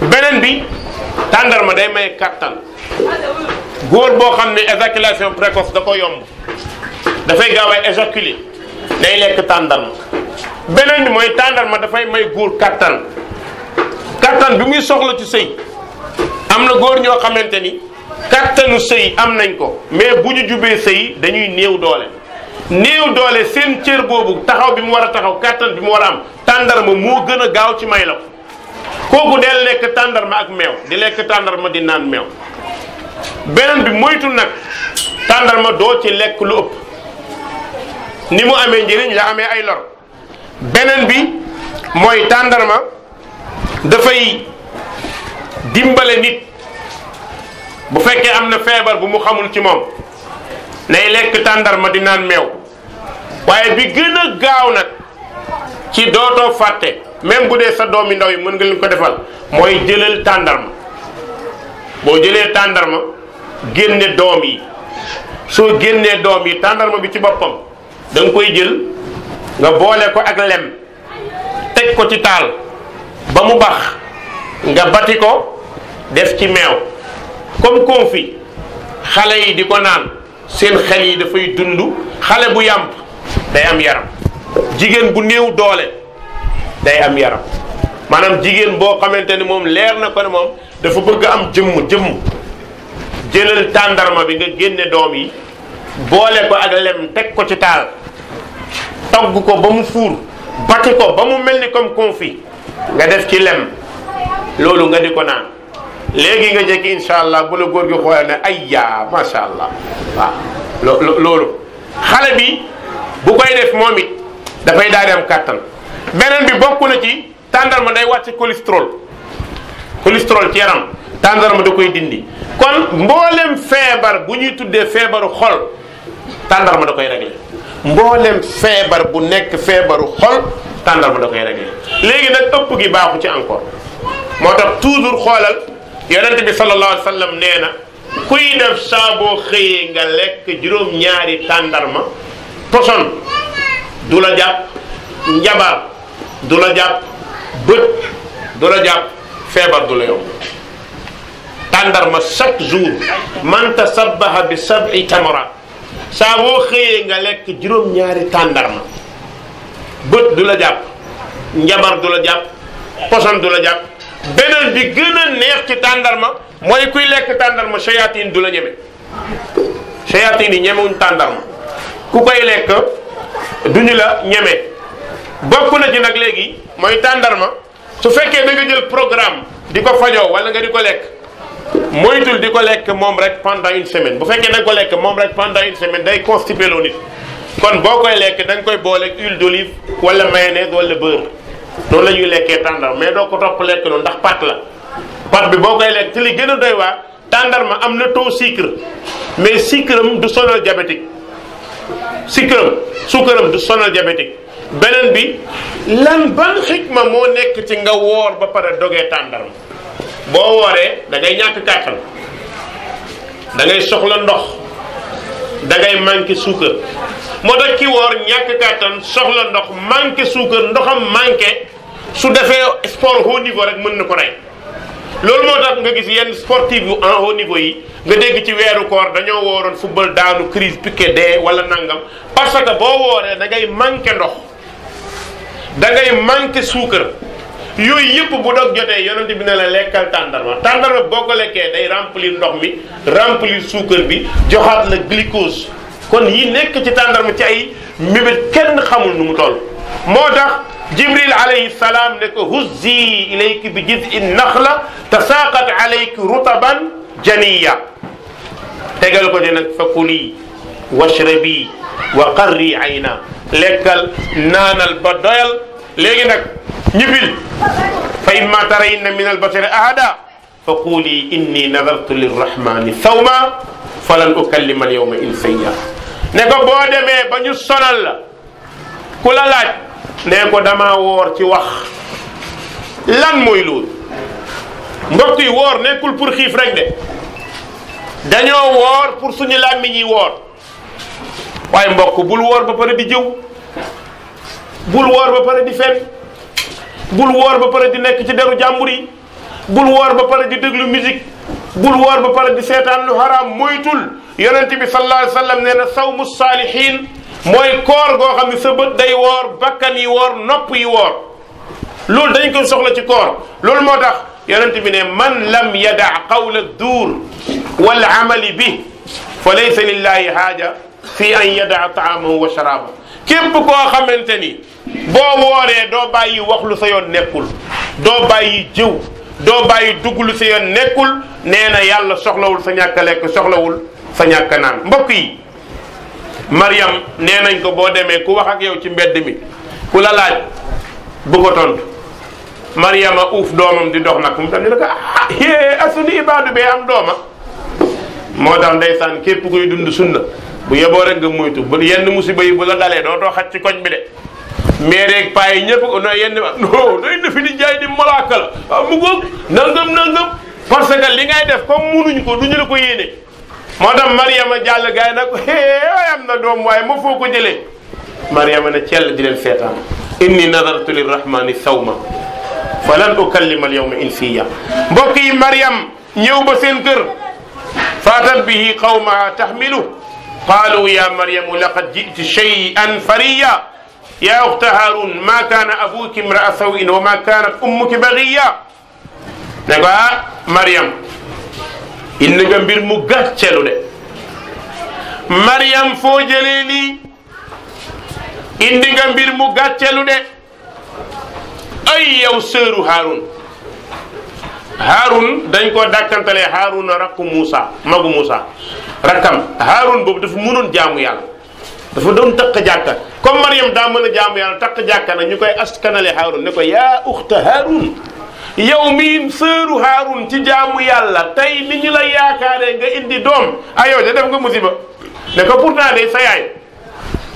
beneen bi tàndarma day may kattan góor boo xam ne éjaculation précoce da ko yomb dafay gaaw a day lekk tàndarma beneen bi mooy tàndarma dafay may góor kàttan kattan bi muy soxla ci sëy am na góor ñoo xamante ni kattanu sëy am nañ ko mais bu ñu jubee sëy dañuy néew doole néew doole seen cër boobu taxaw bi mu war a taxaw kattan bi mu war a am tàndarma moo gën a gaaw ci may la ko kooku del lekk tàndarma ak meew di lekk tàndarma di naan meew beneen bi moytu nag tàndarma doo ci lekk ni mu amee njëriñ la amee ay lor beneen bi mooy tàndarma dafay dimbale nit bu fekkee am na feebar bu mu xamul ci moom nay lekk tàndarma di naan meew waaye bi gën a gaaw nag ci dootoo fàtte même bu dee sa doom yi ndaw yi mën nga leen ko defal mooy jëlal tàndarma boo jëlee tàndarma génne doom yi soo génnee doom yi tàndarma bi ci boppam danga koy jël nga boole ko ak lem teg ko ci taal ba mu bax nga bati ko def ci meew comme confit xale yi di ko naan seen xel yi dafay dund xale bu yàmp day am yaram jigéen bu néew doole day am yaram maanaam jigéen boo xamante ni moom leer na ko ne moom dafa bëgg am jëmm jëmm jëlal tàndarma bi nga génne doom yi boole ko ak lem teg ko ci taal togg ko ba mu fuur bati ko ba mu mel ni comme confit nga def ci lem loolu nga di ko naan léegi nga jekki incha allah bu la góor gi xoolee ne ay yaa macha allah waaw loolu xale bi bu koy def moom it dafay daal kàttan beneen bi bokk na ci tàndarma day wàcce cholestérol cholestérol ci yaram tàndarma da koy dindi kon mboolem feebar bu ñuy tuddee feebaru xol tàndarma da koy réglé mboolem feebar bu nekk feebaru xol tàndarma da koy réglé léegi nag ëpp gi baaxu ci encore moo tax toujours xoolal yonent bi sallallahu alayhi wa nee na kuy def saa xëyee nga lekk juróom-ñaari tàndarma poson du la jàpp njabar du la jàpp bët du la jàpp feebar du la yomb tàndarma chaque jour man tasabbaha saa boo xëyee nga lekk juróom-ñaari tàndarma bët du la jàpp njabar du la jàpp poson du la jàpp beneen bi gën a neex ci tàndarma mooy kuy lekk tàndarma shayatin du la ñeme shayatin yi ñemewuñ tàndarma ku koy lekk duñu la ñeme bokk na ci nag léegi mooy tàndarma su fekkee danga nga jël programme di ko fajoo wala nga di ko lekk moytul di ko lekk moom rek pendant une semaine bu fekkee da ko lekk moom rek pendant une semaine day constipé loo nit kon boo koy lekk da koy boole huile d'olive wala mayonnaise wala beurre noonu la ñuy lekkee tàndarma mais doo ko topp lekk noonu ndax pâte la pâte bi boo koy lekk te li gën a doy waa tàndarma am na taux sucre mais sucre am du sonal diabétique sucre am sucre du sonal diabétique beneen bi lan ban xikma moo nekk ci nga woor ba pare dogee tàndarma boo wooree dangay ngay ñàkk kàttan da ngay soxla ndox dangay ngay manqué suukar moo tax ki woor ñàkk kàttan soxla ndox manqué suukar ndoxam manqué su defee sport haut rek mën na ko rek loolu moo tax nga gis yenn sportif yu en haut niveau yi nga dégg ci weeru koor dañoo wooroon football daanu crise piqué de wala nangam parce que boo wooree da ngay manqué ndox da ngay suukar yooyu yëpp bu dog jotee yonent bi ne la lekkal tàndarma tàndarma boo ko lekkee day remplir ndox mi remplir suukar bi joxaat la glucose kon yi nekk ci tàndarma ci ay mébét kenn xamul nu mu toll moo tax jibril alayhi salaam ne ko huzzi ilayki bi jiz'i naxla tasaaqat alayki rutaban janiya tegal ko ne nag fa kuli washrabi wa qarri ayna lekkal naanal ba doyal léegi nag ñibbil fa imma tarayinna min albashari ahada fa quuli inni nadartu lirrahmani sawma falan ukallima alyawma insiya ne ko boo demee bañu sonal la ku la laaj ne ko dama woor ci wax lan mooy loolu mbokk yi woor nekkul pour xiif rek de dañoo woor pour suñu làmmiñ yi woor waaye mbokk bul woor ba pare di jëw bul woor ba pare di fen bul woor ba pare di nekk ci deru jàmbur yi bul woor ba pare di déglu musique bul woor ba pare di seetaan lu haram moytul yonent bi sallallahu alayhi wa sallam nee na sawmu saalihin mooy koor goo xam ne sa bët day woor bakkan yi woor nopp yi woor loolu dañ ko soxla ci koor loolu moo tax yonent bi ne man lam yada qawla duur wal amali bi fa laysa lillahi haaja fii an yadaa taamahu wa sharaabahu képp koo xamante ni boo wooree doo bàyyi wax lu sa yoon nekkul doo bàyyi jëw doo bàyyi dugg lu sa yoon nekkul nee na yàlla soxlawul sa ñàkk a lekk soxlawul sa ñàkk naan mbokk yi Mariam nee nañ ko boo demee ku wax ak yow ci mbedd mi ku la laaj bu ko tontu Mariama uuf doomam di dox nag mu tam ni la ko ah yee asuni ibaadu bee am dooma moo tax ndeysaan képp kuy dund sunna bu yeboo rek nga moytu bu yenn musiba yi bu la dalee dootoo xaj ci koñ bi de mais rek paa yi ñëpp no yenn no day defi di jaay di malaaka la ah, mu góob nangam nangam parce li ngay def comme munuñ ko duñu la ko yéene moo tax Mariama jàll gars yi nag ko na doom waaye ma foo ko jëlee Mariama ne cell di leen seetaan inni nadartu lirrahmani sawma falan ukallima alyawma insiya mbokk yi Mariam ñëw ba seen kër faatat bihi qawmaha tahmilu qaalu ya maryamu laqad jiti shay'an fariya ya ukhta haarun ma kaana abuki imraa sawin wa ma kaanat ummuki bagiya ne ko ah mariam indi nga mbir mu gàccelu de mariam foo jëlee lii indi nga mbir mu gàccelu de ay yow sëru haarun Haarun dañ koo dàkkantalee Haaruna rakku Moussa magu Moussa rakkam Haarun boobu dafa mënoon jaamu yàlla dafa doon takk jàkka comme Mariam daa mën a jaamu yàlla takk jàkka na ñu koy askanale Haarun ne ko yaa uxta Haarun yow mii sëru Haarun ci jaamu yàlla tey mi ñu la yaakaaree nga indi doom ah yow de def nga musiba ne ko pourtant de sa yaay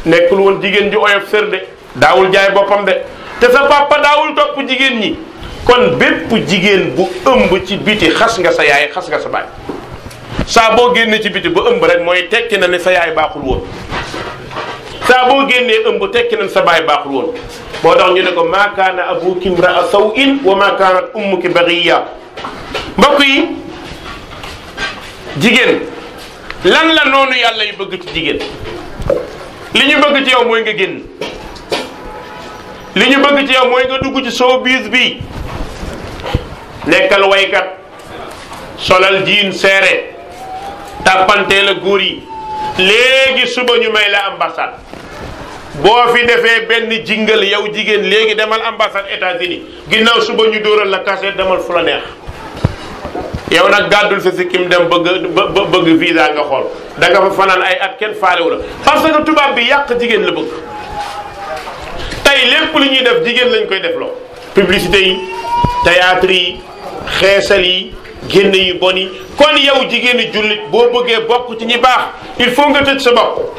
nekkul woon jigéen ji oyof sër de daawul jaay boppam de te sa papa daawul topp jigéen ñi. kon bépp jigéen bu ëmb ci biti xas nga sa yaay xas nga sa baay saa boo génnee ci biti ba ëmb rek mooy tekki na ne sa yaay baaxul woon saa boo génnee ëmb tekki na ne sa baay baaxul woon moo tax ñu ne ko maa kaana abuki mraa saw in wa maa kaanat ummuki bagiya mbokk yi jigéen lan la noonu yàlla yu bëgg ci jigéen li ñu bëgg ci yow mooy nga génn li ñu bëgg ci yow mooy nga dugg ci showbiz bi nekkal waykat solal jiin seere tàppantee la góor yi léegi suba ñu may la ambassade boo fi defee benn jingal yow jigéen léegi demal ambassade États-Unis ginnaaw suba ñu dóoral la kaset demal fu la neex yow nag gàddul sa sikkim dem bëgg bëgg visa nga xool danga nga fa fanaan ay at kenn faalewu la parce que tubaab bi yàq jigéen la bëgg tey lépp lu ñuy def jigéen lañ koy def loo publicité yi théâtre yi xeesal yi génn yi bon yi kon yow jigéenu jullit boo bëggee bokk ci ñi baax il faut nga tëj sa bopp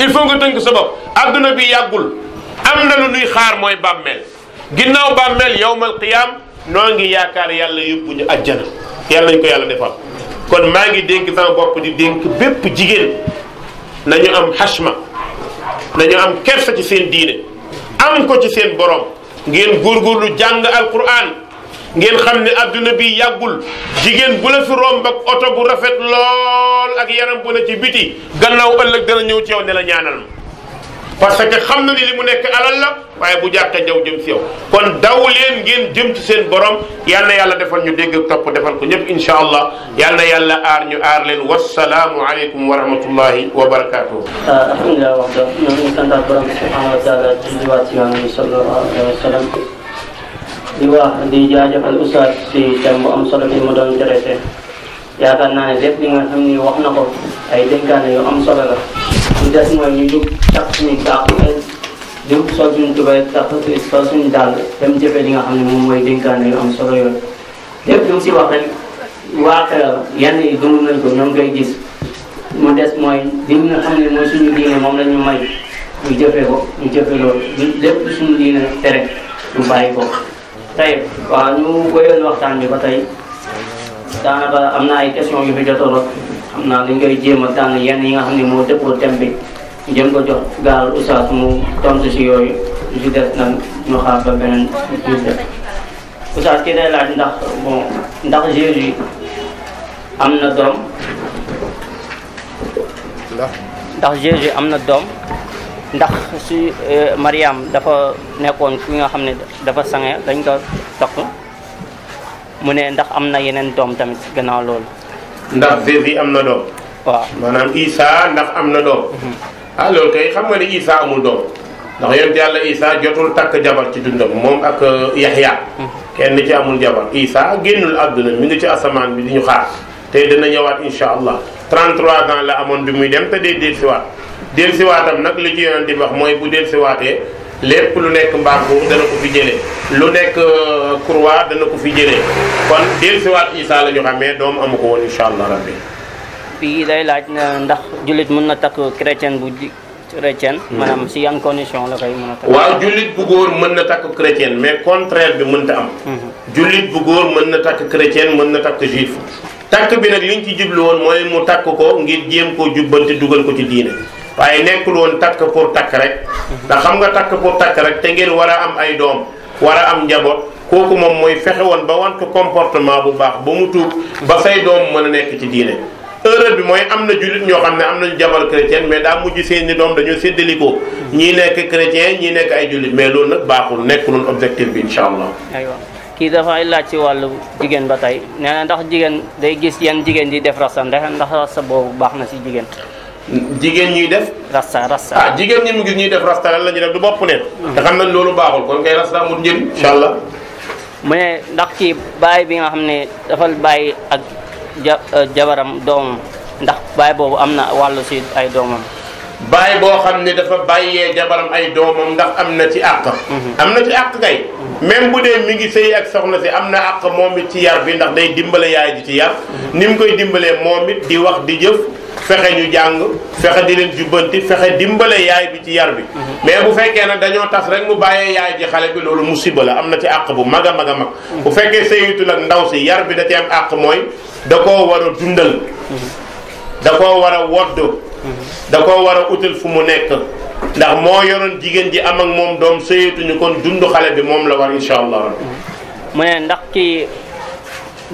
il faut nga tënk sa bopp adduna bi yàggul am na lu nuy xaar mooy bàmmeel ginnaaw bàmmeel yawmal qiyaam noo ngi yaakaar yàlla yóbbu ñu ajjana yàlla nañ ko yàlla defal kon maa ngi dénk sama bopp di dénk bépp jigéen nañu am xasma nañu am kersa ci seen diine am ko ci seen borom ngeen lu jàng alquran ngeen xam ne adduna bi yàggul jigéen bu la fi romb ak oto bu rafet lool ak yaram bu la ci biti gannaaw ëllëg dana ñëw ci yow ne la ñaanal ma parce que xam na li mu nekk alal la waaye bu jàkkee jaw jëm si yow kon daw leen ngeen jëm seen borom yal na yàlla defal ñu dégg topp defal ko ñëpp incha allah yal na yàlla aar ñu aar
leen wasalaamu wa rahmatullahi wa barakaatu. Ah, alhamdulilah wax dëgg ñoo ngi sant borom subhanahu wa taala wa sallam di wax di jaajëfal oustaz si thème bu am solo bi mu doon traité yaakaar naa ne lépp li nga xam ni wax na ko ay dénkaane yu am solo la ñu des mooy ñu jug tax suñu saaku di sol suñu tubay tax sol suñu dàll dem jëfe li nga xam ne moom mooy dénkaane yu am solo yooyu lépp lu si wax rek yan yenn yi dund nañ ko ñoom koy gis mu des mooy li nga xam ne mooy suñu diine moom la ñu may ñu jëfee ko ñu jëfee loolu lépp suñu diine tere ñu bàyyi ko tey waaw ñu wéyoon waxtaan bi ba tey daanaka am na ay question yu fi jotoon ak xam naa dañ koy jéem a tànn yenn yi nga xam ne moo dëppoo thème bi jëm ko jox gaal oustaz mu tontu si yooyu ñu si des nag ñu xaar ba beneen jour de oustaz ki day laaj ndax bon ndax Jésus am na doom ndax Jésus am na doom ndax si eh, Mariam dafa nekkoon fi nga xam ne dafa sange dañ ko takk mu ne ndax am na yeneen doom tamit gannaaw loolu. ndax Jésus am na doom. waaw
maanaam Isa ndax am na doom. Mhm. ah loolu kay xam nga ni Isa amul doom. ndax yonent yàlla Isa jotul takk jabar ci dundam moom ak eh, Yaxya. Mhm. kenn ci amul jabar Isa génnul àdduna mi ngi ci asamaan bi di ñu xaar te dana ñëwaat incha allah 33 ans la amoon bi muy dem te day dellusiwaat. del siwaatam nag li ci di bi mooy bu del siwaatee lépp lu nekk mbaambuur dana ko fi jëlee lu nekk euh, croix dana ko fi jëlee kon del siwaat Isa la ñu xamee doom amu ko woon incha allah rabbi
fii day laaj ndax jullit mën na takk chrétien bu chrétien hmm. maanaam si yan condition la koy mën a takk waaw
jullit bu góor mën na takk chrétien mais contraire bi mënta am hmm. jullit bu góor mën na takk chrétien mën na takk juif takk bi nag ñu ci jublu woon mooy mu takk ko ngir jéem koo jubbanti dugal ko ci diine waaye nekkul woon takk pour takk rek ndax xam nga takk pour takk rek te ngeen war a am ay doom war a am njaboot kooku moom mooy fexe woon ba want comportement bu baax ba mu tuub ba say doom mën a nekk ci diine erreur bi mooy am na jullit ñoo xam ne am nañu jabar chrétien mais daa mujj seeni doom dañoo ko ñii nekk chrétien ñii nekk ay jullit mais loolu nag baaxul nekkuloon objectif bi incha allah
aywa kii dafay laaj ci wàllu jigéen ba tey nee ndax jigéen day gis yan jigéen di def rasta ndax rasta boobu baax na si jigéen jigéen ñuy def. rasta rasta ah, jigéen
ñi mu ngi ñuy def rasta lan la ñuy def du bopp neen. te xam nañ loolu baaxul kon kay rasta amul njëriñ. incha allah
mu ne ndax kii baay bi nga xam ne dafa bàyyi ak ja euh, jabaram doomam ndax baay boobu am na wàllu si ay doomam.
baay boo xam ne dafa bàyyee jabaram ay doomam ndax am na ci àq. Mhm. am na ci àq kay. Mhm. même bu dee mi ngi sëy ak soxna si am na àq moom it ci yar bi ndax day dimbale yaay ji ci yar. Mhm. ni mu koy dimbalee moom it di wax di jëf. fexe ñu jàng fexe di leen jubbanti fexe dimbale yaay bi ci yar bi mhm. mais bu fekkee nag dañoo tas rek mu bàyyee yaay ji xale bi loolu musiba la am na ci àq bu mag a mag a mag mhm. bu fekkee sëyitul ak ndaw si yar bi da ci am àq mooy da koo war dundal mhm. da koo war a wodd da koo war a utal fu mu nekk ndax moo yoroon jigéen ji am ak moom doom sëyituñu kon dund xale bi moom la war insha allah
mu ne ndax ki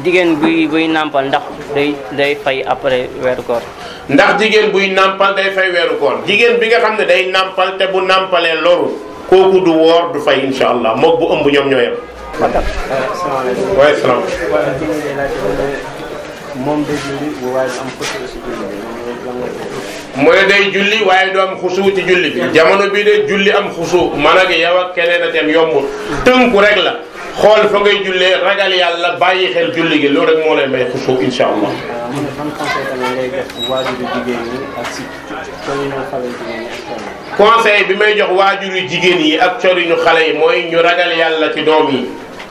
jigéen buy buy nàmpal ndax day day fay après weeru koor.
ndax jigéen
buy nàmpal day fay weeru koor jigéen bi nga xam ne day nàmpal te bu
nàmpalee loru kooku du woor du fay incha allah moog bu ëmb ñoom ñoo yem.
moom day mooy
day julli waaye du am xusu ci julli bi jamono bii de julli am xusu man ak yaw ak keneen a dem yombul tënku rek la xool fa ngay jullee ragal yàlla bàyyi xel julli gi loolu rek moo lay may
xusu incha allah.
conseil bi may jox waajuru jigéen yi ak coriñu xale yi mooy ñu ragal yàlla ci doom yi.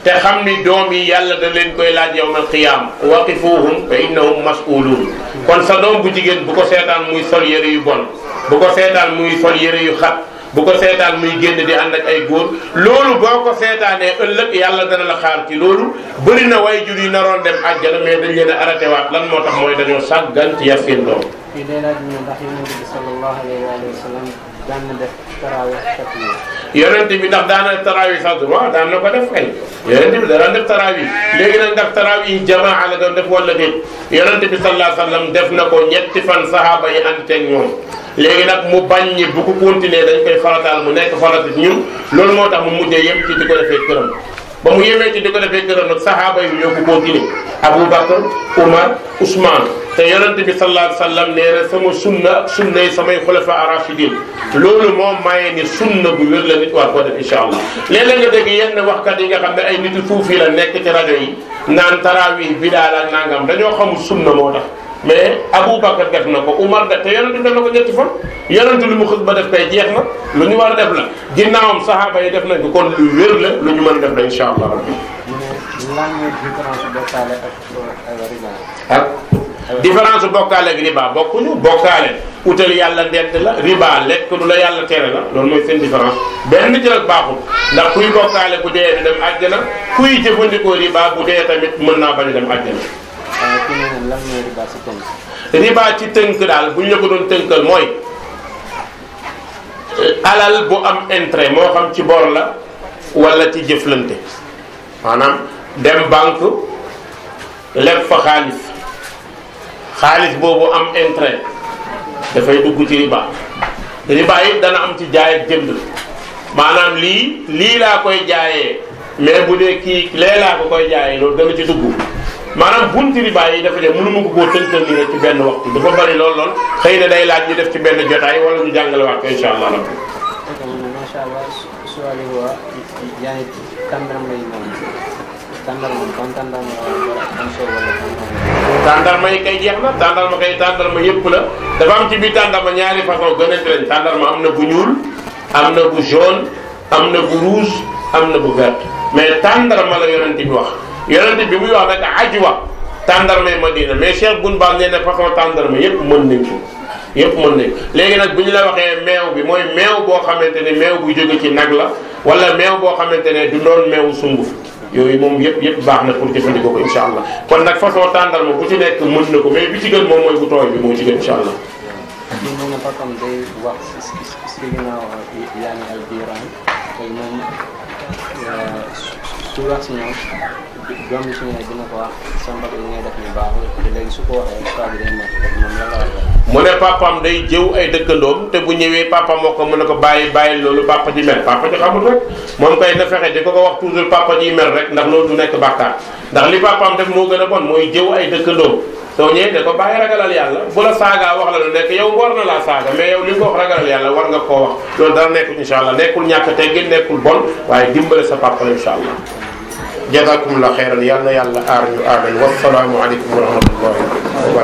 te xam ni doom yi yàlla da leen koy laaj yawmal qiyaam waqifuhum fa innahum mas'uluun kon sa doom bu jigéen bu ko seetaan muy sol yére yu bon bu ko seetaan muy sol yëre yu xat bu ko seetaan muy génn di ànd ak ay góor loolu boo ko seetaanee ëllëg yàlla dana la xaar ci loolu bëri na way jur yi naroon dem ak mais dañ leen a waat lan moo tax mooy dañoo sàggan ci yar seen doom.
daan na def taraawe
chaque bi ndax daan na def taraawe chaque jour daan na ko def kay. yonent bi daan def taraawe léegi nag ndax taraawe yi jamaa la doon def wala déet yonent bi sallallahu alayhi wa sallam def na ko ñetti fan sahaaba yi anteen teg léegi nag mu bañ ñi bu ko continuer dañ koy farataal mu nekk farata ñun loolu moo tax mu mujjee yem ci di ko defee këram. ba mu yemee ci di ko defee këram nag sahaaba yi ñoo ko continuer Aboubacar Umar Ousmane. te yonent bi sallallahu alayhi wa sallam nee na sama sunna ak sunna yi samay xulafa arachidin loolu moo maye ni sunna bu wér la nit war koo def incha allah léeg-léeg nga dégg yi nga xam ne ay nit yu suufi la nekk ci rajo yi naan tarawih bi daal ak nangam dañoo xamul sunna moo tax mais baka def na ko Umar def te yonent def na ko ñetti fan yonent lu mu xës ba def tey jeex na lu ñu war a def la ginnaawam saxaaba yi def na ko kon lu wér la lu ñu mën a def la incha allah.
lan mooy différence bokkaale
ak différence bokkaale ak riba bokkuñu bokkaale utal yàlla ndedd la riba lekk lu la yàlla tere la loolu mooy seen différence benn ci nag baaxul ndax kuy bokkaale bu dee dem àjjana kuy jëfandikoo riba bu dee tamit mën naa bañ a dem àjjana. lan mooy riba ci tënk. riba daal bu ñu la ko doon tënkal mooy alal bu am intérêt moo xam ci boro la walla ci jëflante maanaam dem banque leb fa xaalis. xaalis boobu am intérêt dafay dugg ci riba riba yi dana am ci jaay ak jënd maanaam lii lii laa koy jaayee mais bu dee kii lee laa ko koy jaayee loolu dana ci dugg maanaam bunti riba yi dafa de mënuma ko koo tënkal nii rek ci benn waxtu dafa bari lool lool xëy na day laaj ñu def ci benn jotaay wala ñu jàngale waat ko incha allah rabbi macha allah su waa tàndarma yi kay jeex na tàndarma kay tàndarma yëpp la dafa am ci biir tàndarma ñaari façon gënante lañ tàndarma am na bu ñuul am na bu jaune am na bu rouge am na bu vert mais tàndarma la yonent bi wax yonent bi muy wax nag ajwa tàndarma Madina mais Cheikh Bun Baaz nee na façon tàndarma yëpp mën nañ ko yëpp mën nañ léegi nag bu ñu la waxee meew bi mooy meew boo xamante ne meew bu jóge ci nag la wala meew boo xamante ne du doon meewu sunguf yooyu moom yëpp yëpp baax na pour jëfandikoo ko incha allah kon nag façon tàndarma bu ci nekk mën na ko mais bi ci gën moom mooy bu tooy bi moo ci gën incha allah.
lii moom la boppam day wax si si ginnaaw yaani al biiraan tey moom euh, su wax si ñoom doom bi su ñu nee dina ko wax a mbokk yi ngay def lu baax te su ko waxee moom la la war
mu ne papaam day jëw ay dëkkandoom te bu ñëwee papa moo ko mën a ko bàyyi bàyyi loolu papa ji mer papa ji xamul rek moom kay na fexe di ko ko wax toujours papa ji mer rek ndax loolu du nekk bàkkaar ndax li papaam def moo gën a bon mooy jëw ay dëkkandoom soo ñëwee da ko bàyyi ragalal yàlla bu la saagaa wax la lu nekk yow war na laa saaga mais yow li nga ko wax ragalal yàlla war nga koo wax loolu dara nekkul incha allah nekkul ñàkk teggin nekkul bon waaye sa papa incha allah jazakum la xeyran yàlla na yàlla aar ñu wa rahmatullahi wa